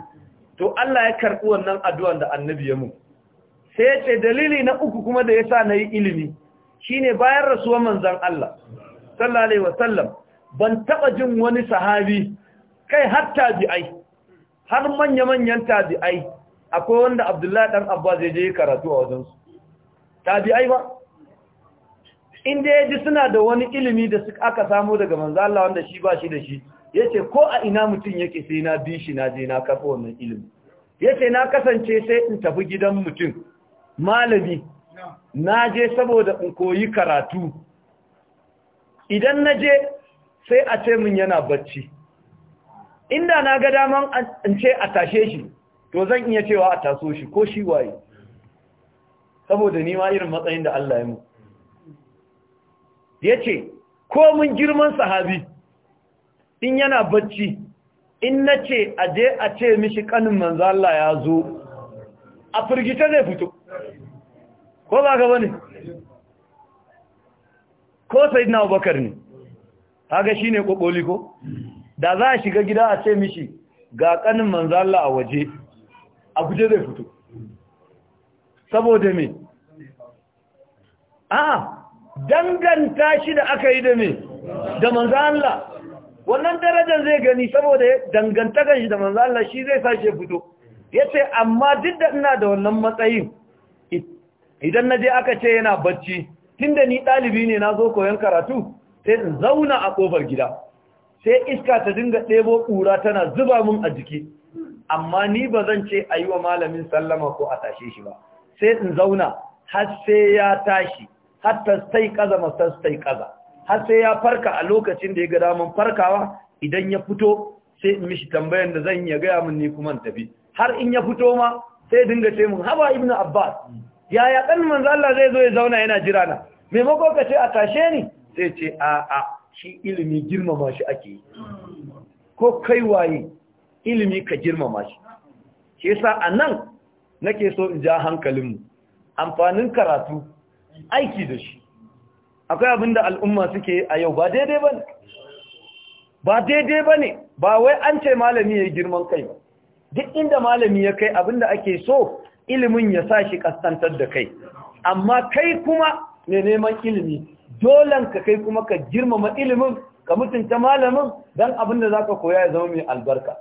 A: to Allah ya karɓi wannan addu'an da annabi ya mu sai ya ce dalili na uku kuma da ya sa na yi ilimi shine bayan rasuwar manzan Allah sallallahu alaihi wasallam ban taɓa jin wani sahabi kai har tabi'ai har manya-manyan tabi'ai akwai wanda abdullahi ɗan abba zai je karatu a wajensu tabi'ai ba inda ya ji suna da wani ilimi da suka aka samu daga manzan Allah wanda shi ba shi da shi yace ko a ina mutum yake sai na bi shi na je na kafa wannan ilimi yace na kasance sai in tafi gidan mutum malami na je saboda in koyi karatu idan na je sai a ce min yana bacci inda na ga daman in ce a tashe shi to zan iya cewa a taso shi ko shi waye saboda ni ma irin matsayin da Allah ya mu yace ko mun girman sahabi in yana bacci in na ce a je a ce mishi kanin manzo Allah ya zo a firgita zai fito ko ba ka bane ko na Abubakar ne kaga shine kokoli ko da za a shiga gida a ce mishi ga kanin manzo Allah a waje a guje zai fito saboda me a danganta shi da aka yi da me da manzo Allah wannan darajar zai gani saboda dangantakar shi da manzo Allah shi zai sashe fito yace amma duk da ina da wannan matsayin idan naje aka ce yana bacci tunda ni dalibi ne nazo koyon karatu sai in zauna a kofar gida sai iska ta dinga ɗebo ƙura tana zuba mun a jiki amma ni ba zan ce a yi wa malamin sallama ko a tashe shi ba sai in zauna har sai ya tashi har ta sai kaza masar sai kaza har sai ya farka a lokacin da ya ga daman farkawa idan ya fito sai in mishi tambayan da zan ya gaya min ni kuma tafi har in ya fito ma sai dinga ce min haba ibnu abbas yaya dan manzo Allah zai zo ya zauna yana jira na maimako ka ce a tashe ni sai ce a a shi ilimi girmama shi ake ko kai waye ilimi ka girmama shi shi yasa anan nake so in ja hankalin mu. amfanin karatu aiki da shi akwai abin da al'umma suke a yau ba daidai ba ne ba daidai ba ne ba wai an ce malami ya yi girman kai duk inda malami ya kai abin da ake so ilimin ya sa shi kastantar da kai amma kai kuma ne neman ilimi dolan ka kai kuma ka girmama ilimin ka mutunta malamin don abin da za ka koya ya zama mai albarka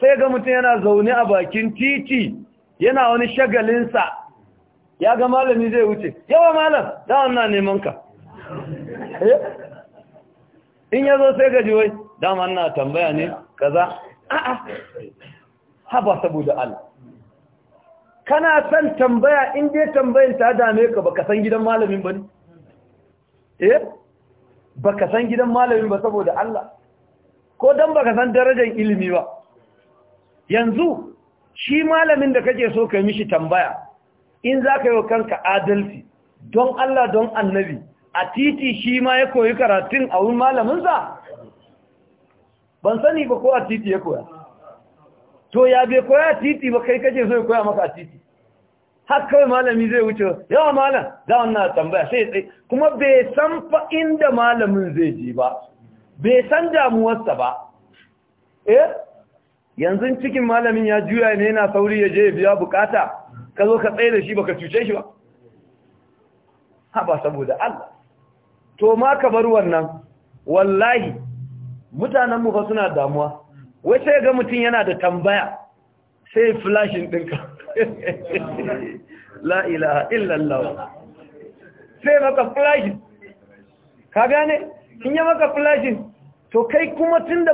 A: sai ga mutum yana zaune a bakin titi yana wani shagalinsa ya ga malami zai wuce yawa malam da wannan neman ka Eh? in ya zo sai gaji wai dama na tambaya ne kaza a'a haba saboda Allah kana son tambaya in dai tambayin ta dame ka baka san gidan malamin ba ne eh baka san gidan malamin ba saboda Allah ko dan baka san darajar ilimi ba yanzu shi malamin da kake so ka mishi tambaya in za ka yi wa kanka adalci don Allah don annabi a titi shi ma ya koyi karatun a wurin malaminsa ban sani ba ko a titi ya koya to ya bai koya a titi ba kai kaje so ya koya maka a titi har kawai malami zai wuce yawa malam za wannan tambaya sai tsaye kuma bai san fa inda malamin zai je ba bai san damuwarsa ba eh yanzu cikin malamin ya juya ne yana sauri ya je ya biya bukata ka zo ka tsaye da shi baka cuce shi ba ha ba saboda Allah to ma ka bar wannan wallahi mutanen mu fa suna damuwa wai sai ga mutum yana da tambaya sai flashin ɗinka la ilaha illallah sai maka flashin ka gane in yi maka flashin to kai kuma tun da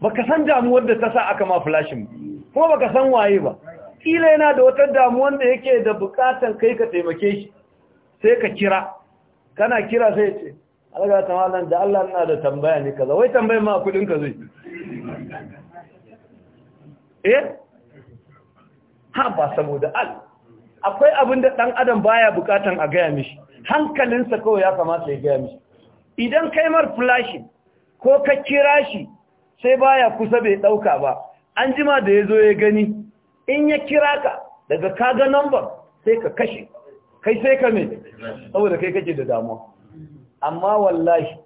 A: baka san damuwar da ta sa aka ma flashin kuma baka san waye ba kila yana da wata damuwar da yake da bukatan kai ka taimake shi sai ka kira kana kira sai ce alaga ta malam da Allah ina da tambaya ne kaza wai tambayin ma kudin ka zai eh ha ba saboda al akwai abin da dan adam baya bukatan a gaya mishi hankalinsa kawai ya kamata ya gaya mishi idan kai mar filashi ko ka kira shi sai baya kusa bai dauka ba an jima da yazo ya gani in ya kira ka daga kaga number sai ka kashe kai sai ka ne saboda kai kake da damuwa amma wallahi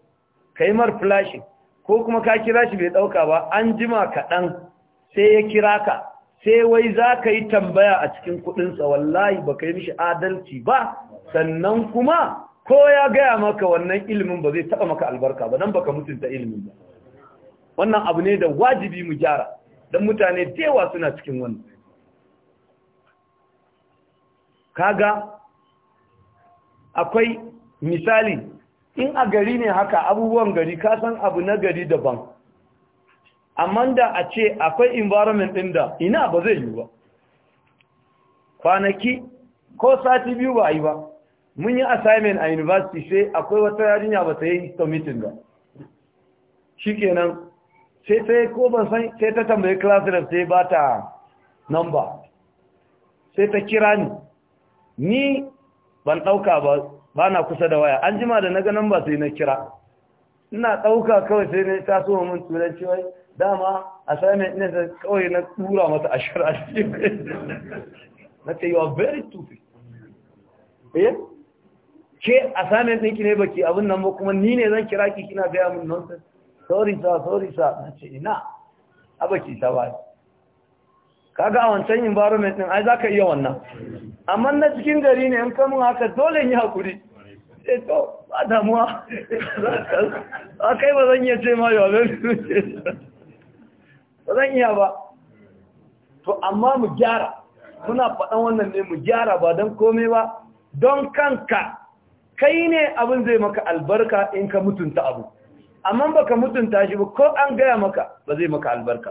A: kai mar flashin ko kuma ka kira shi bai dauka ba an jima kaɗan sai ya kira ka sai wai za ka yi tambaya a cikin kuɗinsa wallahi ba ka yi mishi adalci ba sannan kuma ko ya gaya maka wannan ilimin ba zai taba maka albarka ba nan baka mutunta ilimin ba wannan abu ne da wajibi mu gyara don mutane da suna cikin wannan kaga akwai misali in a gari ne haka abubuwan gari ka san abu na gari daban amma da a ce akwai environment ɗin da ina ba zai yi ba kwanaki ko sati biyu ba a yi ba mun yi assignment a university sai akwai wata yarinya ba ta yi submitting ba shikenan sai ta ko ban san sai ta tambaye class rep sai ba ta number sai ta kira ni ni ban ɗauka ba ba na kusa da waya an jima da naga nan ba sai na kira ina ɗauka kawai sai na taso wa mun turanci wai dama a sami ina da kawai na tura masa a ashir na ce you are very stupid eh ke a sami ɗinki ne baki abin nan ba kuma ni ne zan kira ki kina gaya mun nonsense sorry sa sorry sa na ce ina a baki ta ba kaga a wancan environment din ai zaka iya wannan amma na cikin gari ne in kamun haka dole in yi hakuri E to ba damuwa a kai ba zan iya ce ma yau ba zan iya ba to amma mu gyara muna faɗan wannan ne mu gyara ba don kome ba don kanka kai ne abin zai maka albarka in ka mutunta abu amma baka mutunta shi ba ko an gaya maka ba zai maka albarka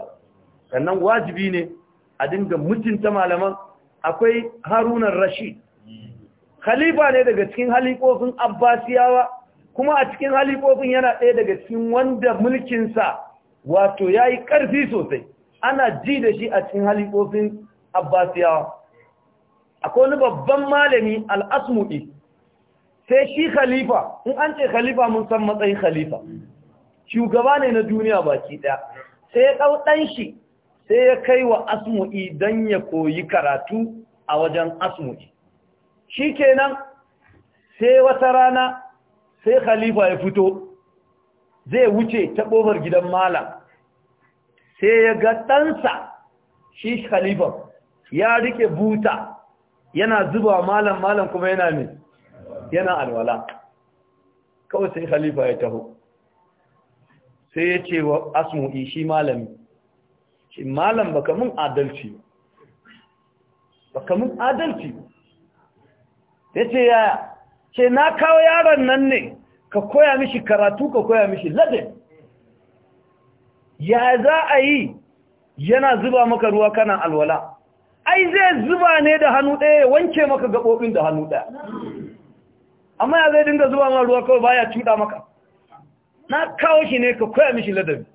A: sannan wajibi ne a dinga mutunta malaman akwai harunan rashid khalifa ne daga cikin halifofin abbasiyawa kuma a cikin halifofin yana ɗaya daga cikin wanda mulkin sa, wato ya yi ƙarfi sosai ana ji da shi a cikin halifofin abbasiyawa akwai wani babban malami al'asmuɗi sai shi khalifa in an ce khalifa mun san matsayin khalifa shugaba ne na duniya baki ɗaya sai ya ɗau ɗan shi sai ya kai wa asmu'i don ya koyi karatu a wajen asmu'i shi kenan sai wata rana sai khalifa ya fito zai wuce ta ɓobar gidan malam sai ya ga ɗansa shi khalifa ya rike buta yana zuba malam malam kuma yana ne yana alwala kawai sai khalifa ya taho sai ya ce wa asmu'i shi malami ce malam baka mun adalci baka mun adalci ya ce yaya ce na kawo yaron nan ne ka koya mishi karatu ka koya mishi ladin ya za a yi yana zuba maka ruwa kana alwala ai zai zuba ne da hannu ɗaya wanke maka gaɓoɓin da hannu ɗaya amma ya zai dinga zuba ma ruwa kawai baya cuɗa maka na kawo shi ne ka koya mishi ladabi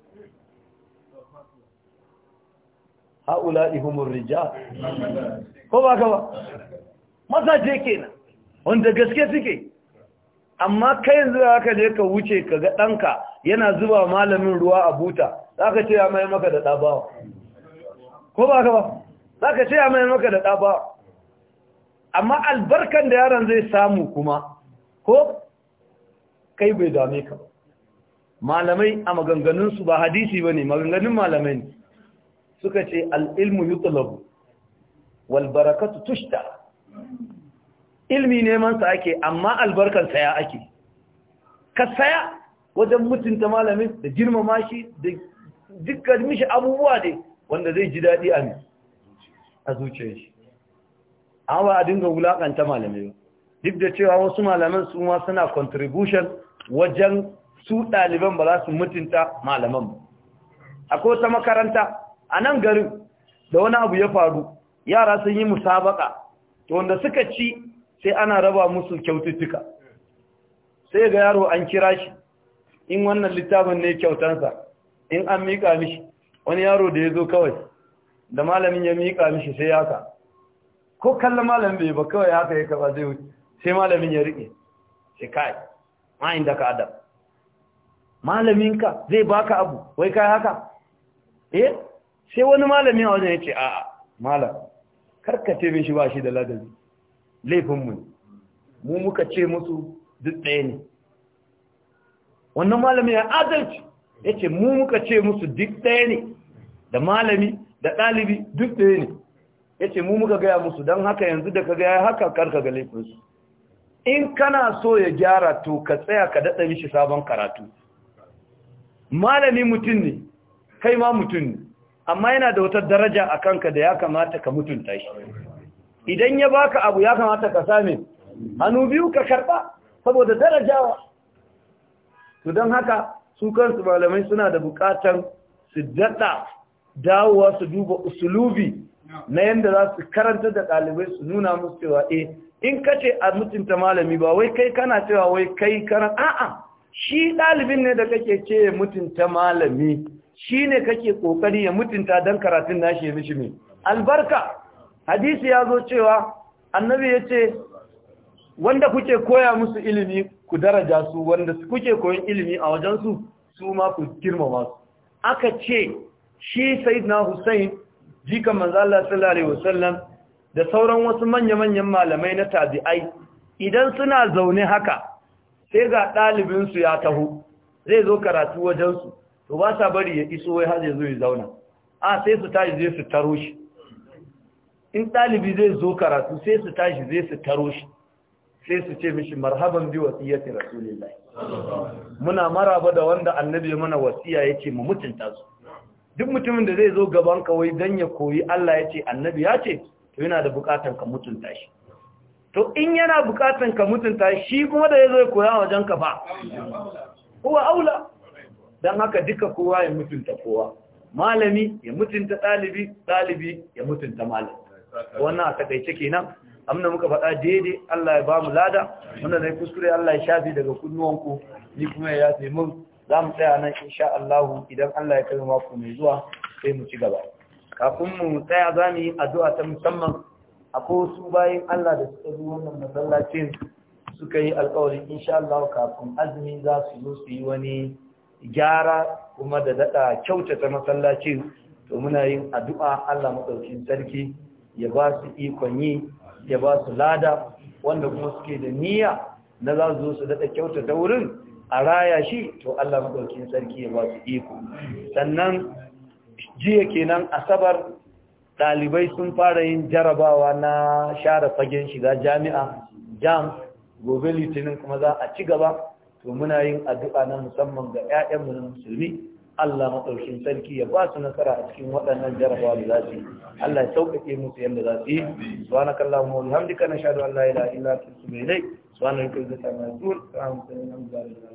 A: haula humur rija ko ba ka ba mazaje kenan wanda gaske suke amma kai yanzu haka ne ka wuce ka ga ɗanka yana zuba malamin ruwa a buta za ka ce ya mai maka da ɗabawa ko ba ka ba za ka ce ya mai maka da ɗabawa amma albarkan da yaron zai samu kuma ko kai bai dame ka malamai a maganganunsu ba hadisi ba ne maganganun malamai ne suka ce al'ilmu yutulabu walbarakatu tushta ilmi nemansa ake amma albarkar saya ake ka saya wajen mutunta malamin da girmama shi da dukkan mishi abubuwa ne wanda zai ji daɗi a mai a zuciyar shi an a dinga wulaƙanta malamai duk da cewa wasu malaman su ma suna contribution wajen su ɗaliban ba za su mutunta malaman ba akwai wata makaranta a nan garin da wani abu ya faru yara sun yi musabaka to wanda suka ci sai ana raba musu kyaututtuka sai ga yaro an kira shi in wannan littafin ne kyautansa in an miƙa mishi wani yaro da ya zo kawai da malamin ya miƙa mishi sai ya ka ko kallon malamin bai ba kawai haka ya kaba zai wuce sai malamin ya riƙe sai kai ma'in da ka adam malaminka zai baka abu wai kai haka eh sai wani malamin a wajen ya ce a'a malam karkace min shi ba shi da ladabi laifinmu ne mu muka ce musu duk ɗaya ne wannan malami ya adalci ya ce mu muka ce musu duk ɗaya ne da malami da ɗalibi duk ɗaya ne ya ce mu muka gaya musu don haka yanzu da ka gaya haka karka ga laifinsu in kana so ya gyara to ka tsaya ka daɗa mishi sabon karatu malami mutum ne kai ma mutum ne amma yana da wata daraja a kanka da ya kamata ka mutunta shi idan ya baka abu ya kamata ka same hannu biyu ka karɓa saboda darajawa to don haka su kansu malamai suna da bukatar su daɗa dawowa su duba usulubi na yadda za su karanta da ɗalibai su nuna musu cewa e in ka ce a mutunta malami ba wai kai kana cewa wai kai karan a'a shi ɗalibin ne da kake ce mutunta malami shi ne kake ƙoƙari ya mutunta don karatun nashi ya mishi mai albarka hadisi ya zo cewa annabi ya ce wanda kuke koya musu ilimi ku daraja su wanda kuke koyan ilimi a wajensu su ma ku girmama su aka ce shi na Hussein jikan manzala Allah wasallam da sauran wasu manya-manyan malamai na tabi'ai idan suna zaune haka sai ga ɗalibinsu ya taho zai zo karatu wajensu to ba sa bari ya iso wai har zai zo ya zauna a sai su tashi zai su taro shi in ɗalibi zai zo karatu sai su tashi zai su taro shi sai su ce mishi marhaban bi wasiyati rasulillahi muna maraba da wanda annabi mana wasiya yace mu mutunta su duk mutumin da zai zo gaban ka wai dan ya koyi Allah yace annabi ya ce to yana da bukatun ka mutunta shi to in yana bukatun ka mutunta shi kuma da yazo ya koya wajen ka fa huwa aula don haka duka kowa ya mutunta kowa malami ya mutunta ɗalibi ɗalibi ya mutunta malami wannan a takaice kenan amna muka faɗa daidai Allah ya ba lada wanda zai kuskure Allah ya shafi daga kunnuwan ku ni kuma ya yafe mun za mu tsaya nan insha Allah idan Allah ya kai ku mai zuwa sai mu ci gaba kafin mu tsaya za mu yi addu'a ta musamman akwai wasu bayan Allah da suka zo wannan masallacin suka yi alƙawarin insha Allah kafin azumi za su zo su yi wani gyara kuma da daɗa kyautata masallacin to muna yin addu'a Allah maɗaukin sarki ya ba su ikon yi ya ba su lada wanda kuma suke da niyya na za su su daɗa kyautata wurin a raya shi to Allah maɗaukin sarki ya ba su iko sannan jiya kenan asabar ɗalibai sun fara yin jarabawa na share fagen shiga jami'a jam gobe litinin kuma za a ci gaba to muna yin addu'a na musamman ga 'ya'yan na musulmi Allah Maɗaushin sarki ya ba su nasara a cikin waɗannan jarabawa da za Allah ya sauƙaƙe musu yadda za su yi subhanaka allahumma wa bihamdika nashhadu an la ilaha illa anta astaghfiruka wa atubu ilayk subhanaka allahumma wa bihamdika